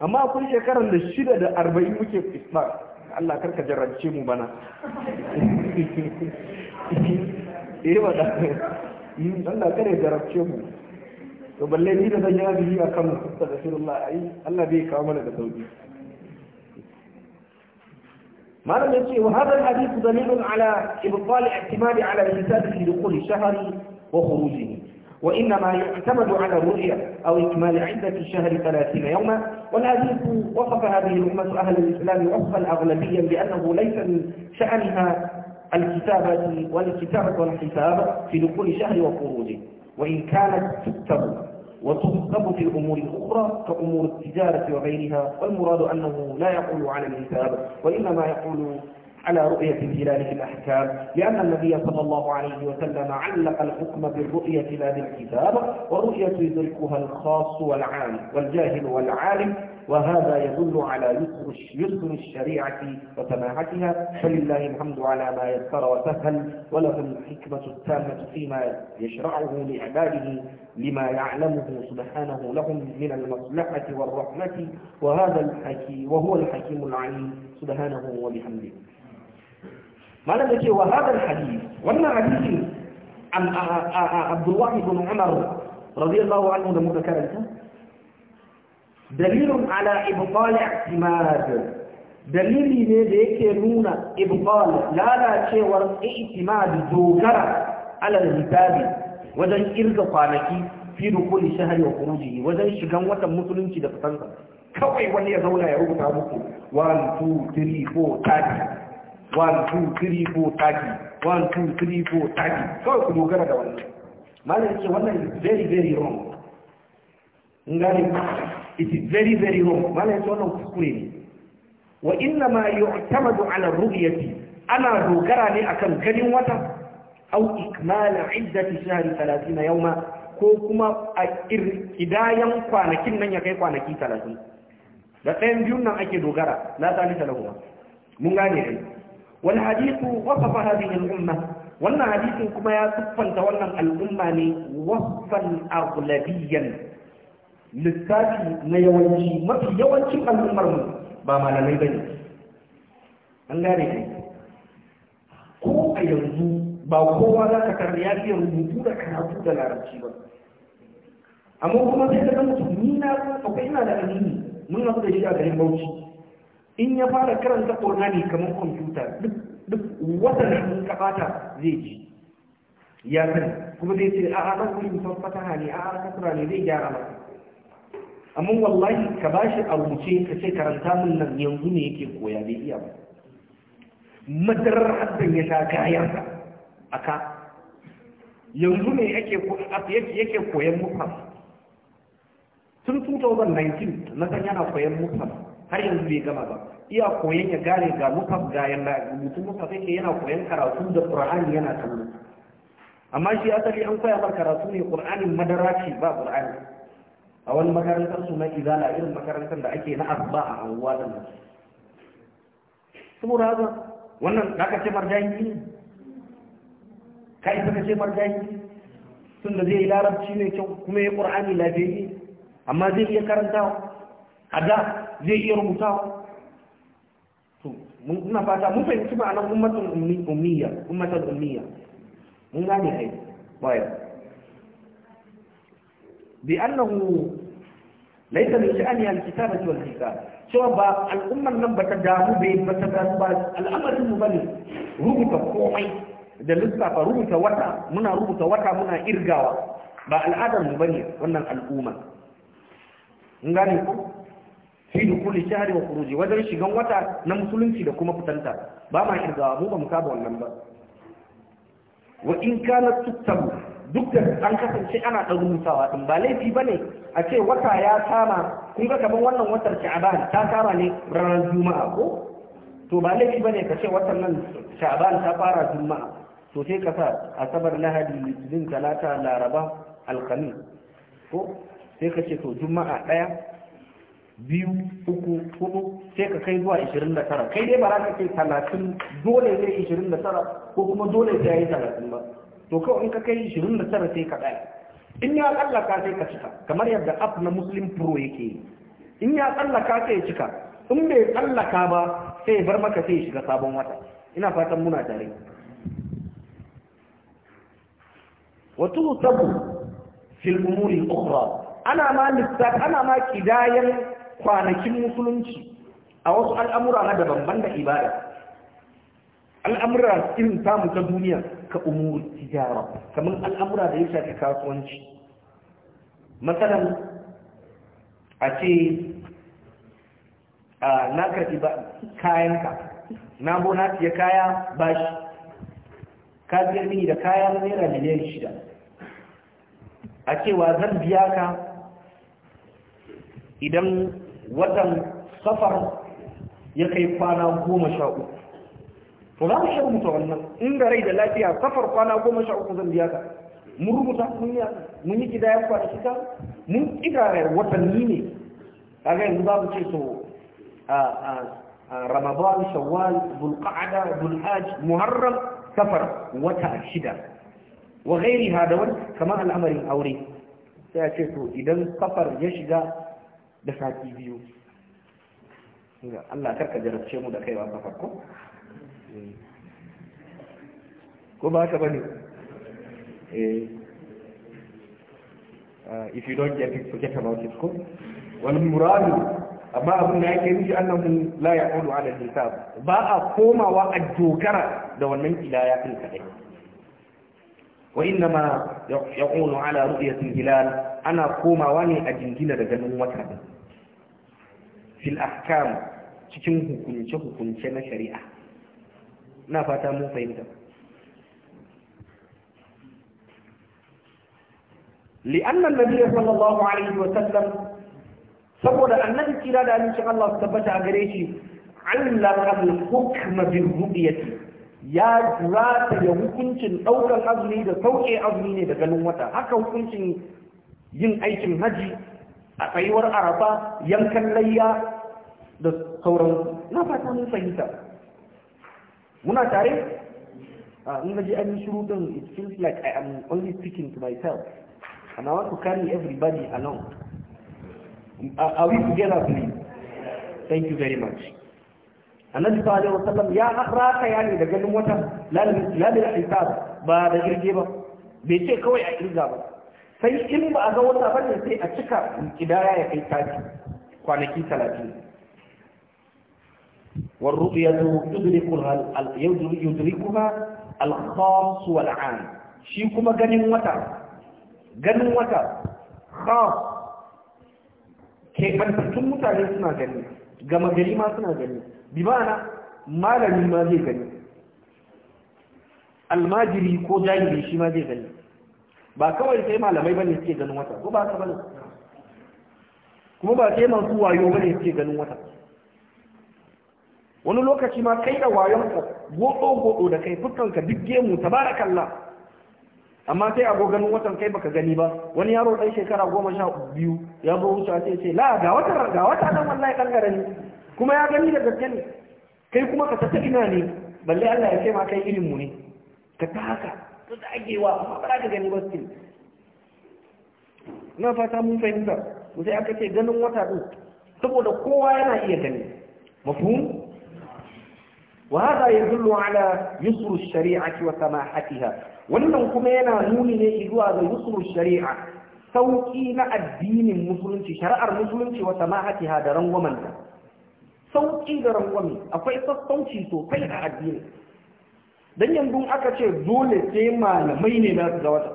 amma akwai shekarar da shida da arba'in muke islam Allah karka jarrabce mu bana eh ba da hmm, Allah kare jarrabce mu to balle ni da zan yi a kan musulta da ai Allah bai kawo mana da sauki malam ya ce wa hadal hadithu dalilun ala ibtal i'timadi ala al-insan fi dukhul shahri wa khurujihi وإنما يعتمد على الرؤية أو إكمال عدة الشهر 30 يوما والحديث وصف هذه الأمة أهل الإسلام وصفا أغلبيا بأنه ليس من شأنها الكتابة والكتابة والحساب في دخول شهر وخروجه وإن كانت تكتب وتنصب في الأمور الأخرى كأمور التجارة وغيرها والمراد أنه لا يقول على الحساب وإنما يقول على رؤية في الأحكام لأن النبي صلى الله عليه وسلم علق الحكم بالرؤية لا بالكتاب والرؤية يدركها الخاص والعام والجاهل والعالم وهذا يدل على يسر يسر الشريعة وسماحتها فلله الحمد على ما يسر وسهل وله الحكمة التامة فيما يشرعه لعباده لما يعلمه سبحانه لهم من المصلحة والرحمة وهذا الحكيم وهو الحكيم العليم سبحانه وبحمده malam da ce wa hadal hadith wannan hadisin abdullahi bin umar radiyallahu anhu da muka karanta dalilun ala ibqal i'timad dalili ne da yake nuna ibqal lalacewar i'timad dogara ala hisabi wajen kirga kwanaki fi dukuli shahari wa kuruji wajen shigan watan musulunci da fitansa kawai wani ya zauna ya rubuta muku 1 2 3 4 30 one two three four thirty one two kawai ku dogara da wannan malam ce wannan very very wrong ngani it is very very wrong malam ce wannan kuskure ne wa inna ma yu'tamadu ala ru'yati ana dogara ne akan ganin wata au ikmala iddati shahri 30 ma ko kuma a kidayan kwanakin nan ya kai kwanaki 30 da tsayin biyun nan ake dogara na tsali talahuwa mun gane ne wani hadisu wasafa hadhihi al-umma wannan hadisin kuma ya siffanta wannan al'umma ne wasfan aghlabiyyan littafi na yawanci mafi yawancin al'ummar mu ba malamai ne. an gane kai ko a yanzu ba kowa za ka tarbi ya fiye rubutu da karatu da larabci ba amma kuma sai ga mutum ni na akwai ina da alimi mun nasu da shi a garin bauchi in ya fara karanta ƙorani kamar kwamfuta duk watannin kafata zai ji ya sani kuma zai ce a ɗan wuri sun fataha ne a ɗan kasura ne zai gyara masu amma wallahi ka ba shi a rubuce ka ce karanta min nan yanzu ne yake koya bai iya ba madarar haddan ya sha kayansa a ka yanzu ne yake koyan mufam tun 2019 na san yana koyan mufam har yanzu bai gama ba iya koyon ya gane ga mukaf ga yana mutum mukaf yake yana koyon karatu da qur'ani yana kallo amma shi asali an koya mar karatu ne qur'anin madara ce ba qur'ani a wani makarantar su na izala irin makarantar da ake na asba a anguwa da nan saboda haka wannan da aka ce ne kai suka ce tun da zai yi larabci mai kyau kuma ya qur'ani lafiyayye amma zai iya karantawa a da zai iya rubutawa to muna fata mun fahimci ba nan ummatul ummiya ummatul ummiya mun gane kai baya bi annahu laysa min sha'ani al-kitabati wal hisab cewa ba al'ummar nan ba ta damu bai ta damu ba al'amarin mu bane rubuta komai da lissafa rubuta wata muna rubuta wata muna irgawa ba al'adar mu bane wannan al'umma mun gane ku. fi dukuli shahri wa khuruji wajen shigan wata na musulunci da kuma fitanta ba ma kirgawa mu ba mu saba wannan ba wa in kana tuttam duk da an kasance ana ɗan rubutawa din ba laifi bane a ce wata ya kama kun ga kaman wannan watar sha'ban ta kama ne ranar juma'a ko to ba laifi bane ka ce watan nan sha'ban ta fara juma'a to sai ka sa asabar lahadi litinin talata laraba alkhamis ko sai ka ce to juma'a ɗaya biyu uku hudu sai ka kai zuwa 29 kai dai ba za ka kai 30 dole zai 29 ko kuma dole sai yi 30 ba to kawai in ka kai 29 sai ka ɗaya. in ya tsallaka sai ka cika kamar yadda app na muslim pro yake yi in ya tsallaka sai ya cika in bai tsallaka ba sai bar maka sai ya shiga sabon wata ina fatan muna tare wato tuhsabu fil umuri ukhra ana ma lissafi ana ma kidayan kwanakin musulunci a wasu al'amura na daban da ibada al'amura irin samu ta duniya ka umuru tijara kamar al'amura da ya shafi kasuwanci matsalan a ce na karɓi kayanka na bo na kaya bashi ka biyar mini da kayan naira miliyan shida a cewa zan biya ka idan watan safar ya kai kwana goma sha uku to za mu sha rubuta wannan inda rai da lafiya safar kwana goma sha uku zan biya ka mun rubuta mun yi mun yi kidayar kwanaki ka mun kidayar watanni ne kaga yanzu za mu ce so ramadan shawwal bulqa'ada bulhaj muharram safar wata shida wa ghairiha da wani kamar al'amarin aure sai a ce to idan safar ya shiga da sati biyu Allah karka jarabce mu da kaiwa ta farko eh. ko ba ka bane eh uh, if you don't get it forget about it ko wani muradu amma abin da yake nufi annahu la yaqulu ala al-hisab ba a komawa a dokara da wannan ilaya din kadai wa inna ma yaqulu ala ru'yati hilal ana komawa ne a jingina da ganin wata fil ahkam cikin hukunce hukunce na shari'a na fata mun fahimta li'anna nabiyyi sallallahu alaihi wa sallam saboda annabi kira da annabi Allah tabbata a gare shi allama al-hukma bil ru'yati ya rata hukuncin ɗaukar azumi da sauƙe azumi ne da ganin wata haka hukuncin yin aikin hajji. a tsayuwar arafa yankan layya da sauran na fata mun fahimta muna tare in na ji an yi shuru din it feels like i am only speaking to myself and i want to carry everybody along are we together please thank you very much annabi sallallahu alaihi wasallam ya akhra ya yani da ganin wata la la hisab ba da girge ba bai ce kawai a irga ba sai in ba a ga wata ba ne sai a cika kidaya ya kai kati kwanaki talatin والرؤية يدرك يدركها الخاص والعام shi kuma ganin wata ganin wata khas ke bantattun mutane suna gani gama gari ma suna gani bi ma'ana malami ma zai gani almajiri ko jahili shi ma zai gani ba kawai sai malamai bane suke ganin wata ko ba ka bane kuma ba sai masu wayo bane suke ganin wata wani lokaci ma kai da wayon ka godo godo da kai fuskan ka duk gemu tabarakallah amma sai ago ganin watan kai baka gani ba wani yaro dai shekara goma sha biyu ya zo wuce sai ce la ga wata ga wata dan wallahi dan garani kuma ya gani da gaske ne kai kuma ka ta ina ne balle Allah ya ce ma kai irin mu ne ka ta haka su dagewa kuma ba ka gani ba still na fata mun fahimta mu sai aka ce ganin wata din saboda kowa yana iya gani mafhum وهذا يدل على shari'ati wa samahatiha wannan kuma yana nuni ne zuwa ga yusrul shari'a sauki na addinin musulunci shari'ar musulunci wa samahatiha da rangwamanta sauki da rangwami akwai sassauci sosai a addini don yanzu aka ce dole sai malamai ne na ga wata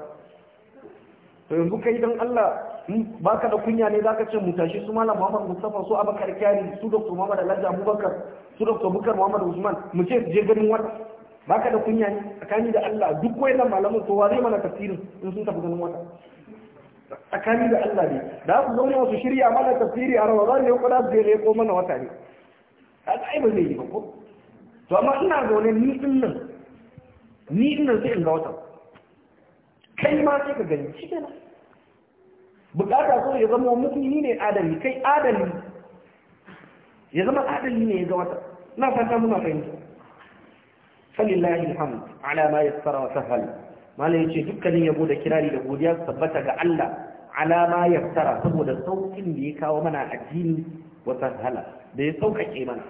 to yanzu kai don Allah ba ka da kunya ne za ka ce mu tashi su malam Muhammad Mustafa su Abakar Kyari su Dr. Muhammad Alhaji Abubakar su Dr. Bukar Muhammad Usman mu ce je ganin wata ba ka da kunya ne tsakani da Allah duk wayannan malamin to wa zai mana tafsirin in sun tafi ganin wata tsakani da Allah ne da su zauna su shirya mana tafsiri a Ramadan ne ko da su je ko mana wata ne A tsaye ba zai yi ba ko to amma ina zaune ni din nan ni ina zai in ga watan kai ma sai ka gani shi kenan bukata so ya zama mutumi ne adali kai adali ya zama adali ne ya ga wata na fata muna fahimta falillahi alhamd ala ma yassara wa sahal malai yace dukkanin yabo da kirari da godiya su tabbata ga Allah ala ma yassara saboda saukin da ya kawo mana addini wa sahala da ya saukake mana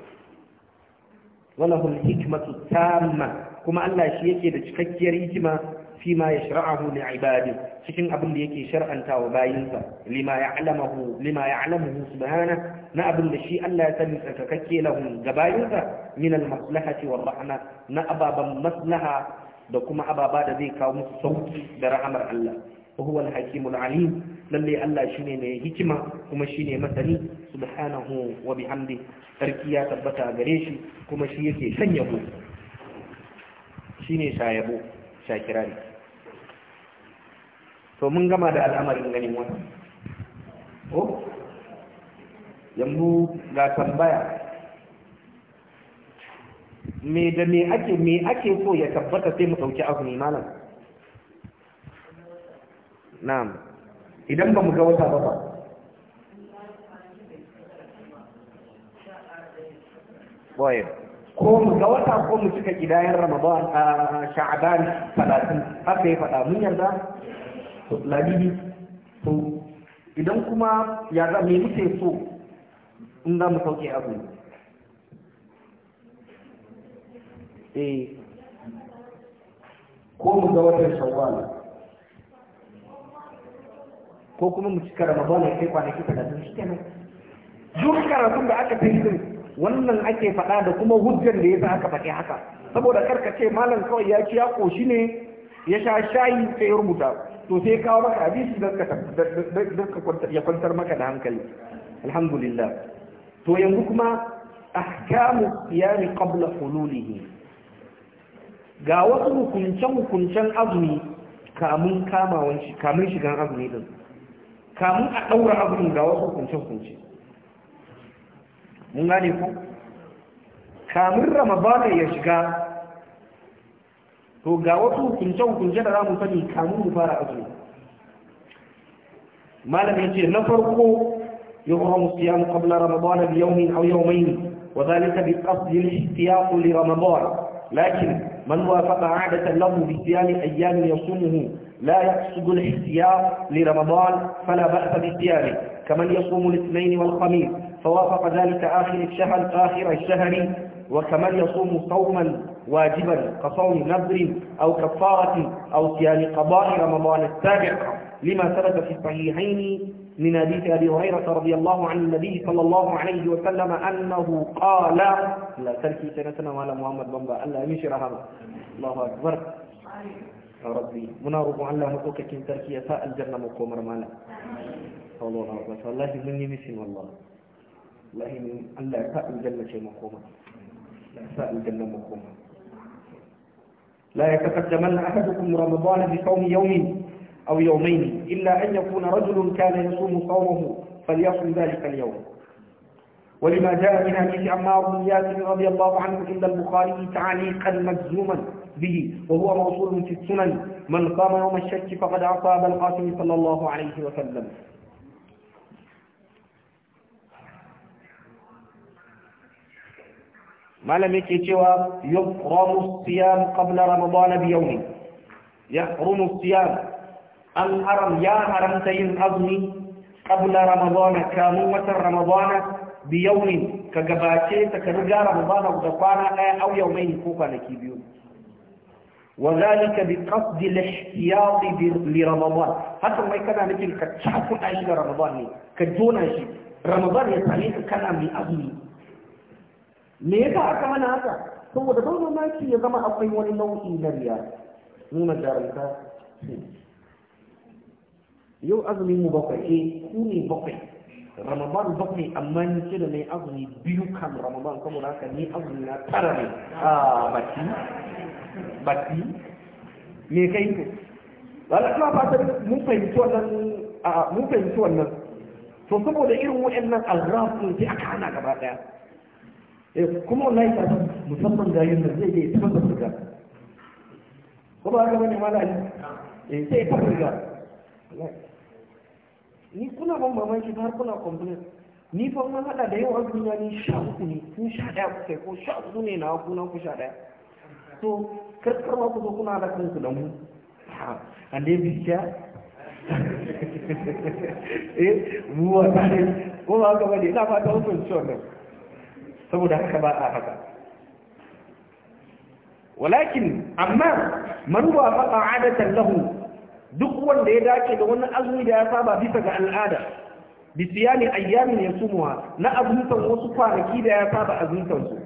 hul hikmatu tamma kuma Allah shi yake da cikakkiyar hikima fi ma yashra'ahu li ibadi cikin abin da yake shar'anta wa bayinsa lima ya'lamuhu lima ya'lamuhu subhana na abin da shi Allah ya sani tsarkakakke lahum ga bayinsa min al-maslahati war rahma na ababan maslaha da kuma ababa da zai kawo musu sauki da rahmar Allah wa huwa al-hakimul alim lalle Allah shine mai hikima kuma shine masani subhanahu wa bihamdi sarki ya tabbata gare shi kuma shi yake sanya ku Shi shine shayabo shakirari to mun gama da al'amarin ganin wani ko yanzu ga tambaya me da me ake me ake so ya tabbata sai mu abu ne malam na'am idan ba mu ga wata ba ba ko mu ga wata ko mu cika gidayen ramadan a sha'ban talatin haka ya faɗa mun yarda to labibi to idan kuma ya za me muke so in za mu sauke abu eh ko mu ga watan shawwal ko kuma mu cika ramadan ya kai kwanaki talatin shi kenan duk karatun da aka fi wannan ake faɗa da kuma hujjar da yasa aka faɗi haka saboda ce malam kawai ya ci ya koshi ne ya sha shayi sai ya rubuta to sai kawo maka hadisi da ya kwantar maka da hankali alhamdulillah to yanzu kuma ahkamu siyami qabla hululihi ga wasu hukuncen hukuncen azumi kamun kamawan shi kamun shigan azumi din kamun a daura azumin ga wasu hukuncen-hukuncen. مالك gane ku kamun ramadana هو shiga to ga wasu hukunce-hukunce da za mu sani kamun mu fara azumi malam الصيام قبل رمضان بيوم أو يومين وذلك بقصد الاحتياط لرمضان لكن من وافق عادة له بصيام أيام يصومه لا يقصد الاحتياط لرمضان فلا بأس بصيامه كمن يصوم الاثنين والخميس فوافق ذلك آخر الشهر آخر الشهر وكمن يصوم صوما واجبا كصوم نذر أو كفارة أو صيام قضاء رمضان السابع لما ثبت في الصحيحين من حديث أبي هريرة رضي الله عن النبي صلى الله عليه وسلم أنه قال لا تركي سنتنا ولا محمد بن ألا يشير هذا الله أكبر ربي muna roƙon Allah تركي sarki ya sa aljanna mu الله mana wallahi mun yi والله lahin Allah ya sa aljanna ce makoma ya sa لا يتقدمن أحدكم رمضان بصوم يوم أو يومين إلا أن يكون رجل كان يصوم صومه فليصوم ذلك اليوم ولما جاء من حديث عمار بن ياسر رضي الله عنه عند البخاري تعليقا مجزوما به وهو موصول في السنن من قام يوم الشك فقد عصى القاسم صلى الله عليه وسلم malam yake cewa yuhramu siyam qabla ramadan bi yawmi yahrumu siyam an haram ya haramta yin azumi qabla ramadan kamun watan ramadan bi yawmi ka gabace ta ka riga ramadan da kwana daya au yawmain ko kwanaki biyu وذلك بقصد الاحتياط لرمضان هذا ما كان نفي كتشاف عيش رمضان كجونا شيء رمضان يسعيك كان من أغني me yasa aka mana haka saboda ban mamaki ya zama akwai wani nau'i na nuna jarumta yau azumin mu bakwai eh ku ne bakwai ramaban bakwai amma ni ce da mai azumi biyu kan ramaban saboda haka ni azumi na tara ne a ah, baki baki me kai ku wala kuma fatan mun fahimci wannan ah, mun fahimci wannan to saboda irin wa'annan alrafin sai aka hana gaba daya Eh, kuma wallahi ka san musamman ga yin zai je ta fasa riga ko ba ka bane malami eh sai ta riga ni kuna ban mamaki har kuna complain ni fa mun hada da yau azumi na ni sha uku ne kun sha daya ku kai ko sha uku ne na ku na ku sha daya to karkar ma ku zo kuna da kanku da mu a ne bishiya eh mu wa ta ne ko ba ka bane ina fata mun ci wannan saboda haka ba a haka walakin amma man faɗa adatan lahu duk wanda ya dace da wannan azumi da ya saba bisa ga al'ada bi siyami ayyamin yasumuha na azumtan wasu kwanaki da ya saba azumtan su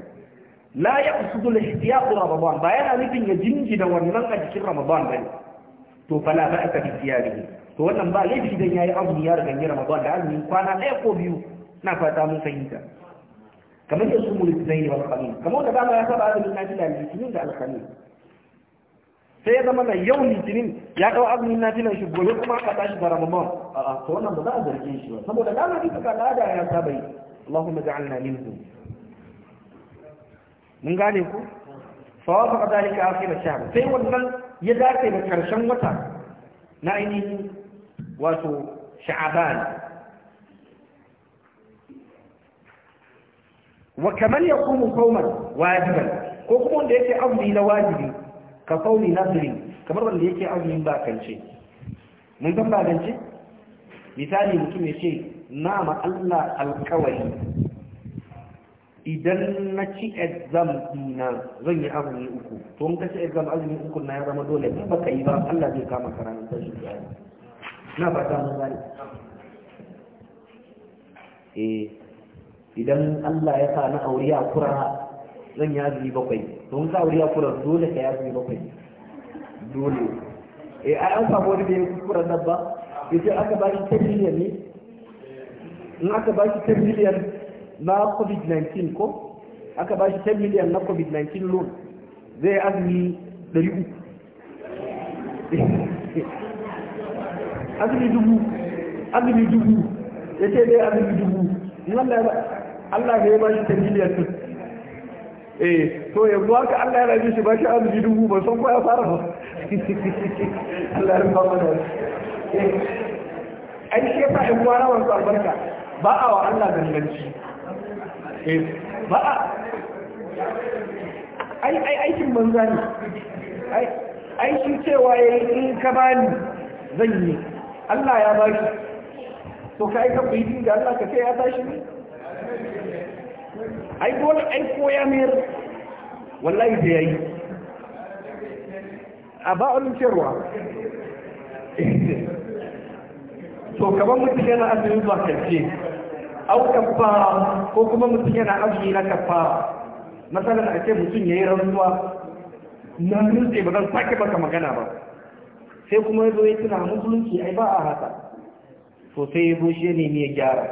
la yaqsudu al-ihtiyaq ramadan ba yana nufin ya jinjina wannan a cikin ramadan bane to fala ba aka bi siyami to wannan ba laifi dan yayi azumi ya rigan ramadan da azumin kwana ɗaya ko biyu na fata mun fahimta كمان يصوم الاثنين والخميس كمان ده بقى ما يحسب على من نازل على الاثنين ده الخميس في ده ما يوم الاثنين آه، آه، يا جماعه من نازل يشوف بيقول ما قطعش برمضان اه هو انا بدا ده الجيش شويه طب ده ما دي كان ادى يا سبي اللهم اجعلنا منهم من قال لكم فوافق ذلك اخر الشهر في وقت يا ذاك في كرشم وتا نايني واسو شعبان wa kamar ya kuma sauman wajiban ko kuma wanda yake azumi na wajibi ka na zuri kamar wanda yake azumin bakance mun ba bakance misali mutum ya ce na ma Allah alkawari idan na ci exam dina zan yi azumi uku to mun ka ci exam azumi uku na ya zama dole ba baka yi ba Allah zai kama ka ranar tashi na ta mun gane eh idan Allah ya sa na aure a kura zan ya zuri bakwai don ka aure a kura dole ka ya zuri bakwai dole E eh, a an samu wani da ya kura nan ba ce aka ba shi ta miliyan ne in aka ba shi ta miliyan na covid-19 ko aka ba shi ta miliyan na covid-19 loan zai azumi 300 azumi dubu azumi dubu ya ce zai azumi dubu in Allah ya Allah ne ya ba shi ta miliyan ɗin eh to yanzu haka Allah ya rabe shi ba shi arziki dubu ba san ko ya fara ba Allah ya rufa mana eh ai shi ya sa in kwana wasu albarka ba a wa Allah ganganci eh ba a ai ai aikin banza ne ai ai shi cewa yi in ka ba ni zan yi Allah ya ba shi to kai ka bi da Allah ka ce ya tashi ne ai dole ai koya ne wallahi da yayi a ba ulun cewa to kaman mutum yana azumi zuwa karshe au kafa ko kuma mutum na azumi na kafa masalan a ce mutum yayi rantsuwa na nutse ba zan sake baka magana ba sai kuma yazo ya tuna musulunci ai ba a haka to sai yazo shi ne ya gyara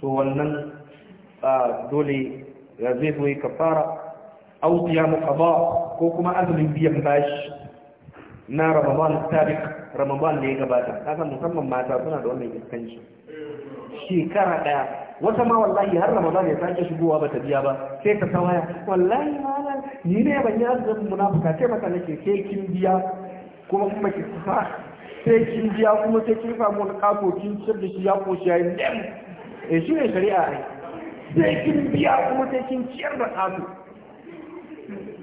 to wannan dole zai zo ya fara au qiyamu qada ko kuma azumin biyan bashi na ramadan tarik ramadan da ya gabata kaga musamman mata suna da wannan iskanci shekara daya wata ma wallahi har ramadan ya sake shigowa ta biya ba sai ta tawaya wallahi malam ni ne ban yi azumin munafuka sai mata nake sai kin biya kuma kuma ki sa sai kin biya kuma sai kin samu wani kafo kin da shi ya koshi yi dem eh shi ne shari'a ne. sai kin biya kuma sai kin ciyar da tsazu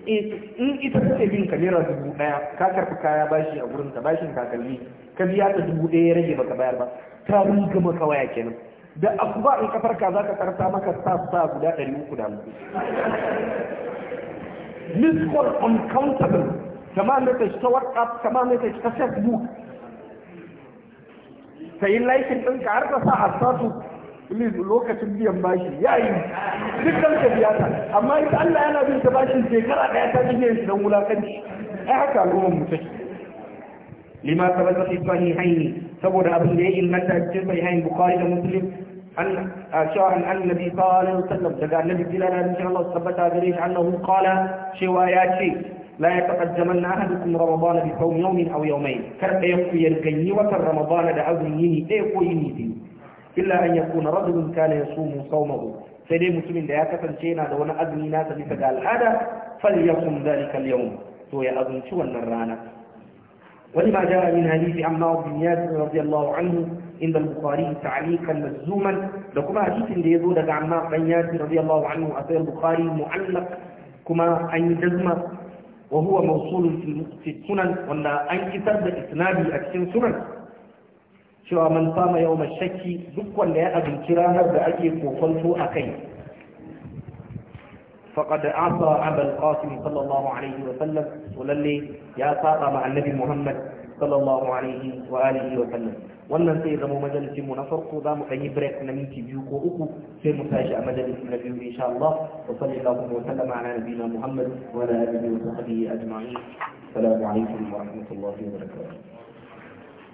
eh, in ita take bin ka naira dubu ɗaya ka karfi kaya bashi a gurin ka bashin kakalli ka biya ta dubu ɗaya ya rage maka bayar ba ka riga maka waya kenan da akuba in kafar ka zaka karta maka sa sa guda ɗari uku da mutu this call uncountable kama message ta whatsapp kama message ta shi facebook sayin laikin ɗinka har ka sa a status ليه لوكات بيان لما سبب في بني هين سبب أبن ليه المدى الجرم هين بخاري مسلم أن النبي صلى الله عليه وسلم تقال النبي صلى الله عليه وسلم ثبت أدريش أنه قال شوى لا يتقدمن أحدكم رمضان بصوم يوم أو يومين كرق يقوي الكي وكر رمضان دعوه يني illa an yakuna rajulun kana yasumu sawmahu sai dai mutumin da ya kasance yana da wani azumi na sa bisa ga al'ada falyasum dhalika al-yawm to ya azumci wannan rana wani ma jara min hadisi amma bin yasir radiyallahu anhu inda al-bukhari ta'liqan mazmuman da kuma hadisin da yazo daga amma bin yasir radiyallahu anhu a sayar bukhari mu'allaq kuma an yi jazma wa huwa mawsulun wanda an kisar da isnadi a cikin sunan cewa man sama yau mai shakki duk wanda ya abinci ranar da ake kokonto a kai faƙad asa abal qasim sallallahu alaihi wa sallam walalle ya saba ma annabi muhammad sallallahu alaihi wa alihi wa sallam wannan sai zama majalisin mu na farko za mu ɗanyi break na minti biyu ko uku sai mu tashi a majalisin na biyu insha Allah wa sallallahu wa sallam ala nabiyina muhammad wa ala alihi wa sahbihi ajma'in assalamu alaikum wa rahmatullahi wa barakatuh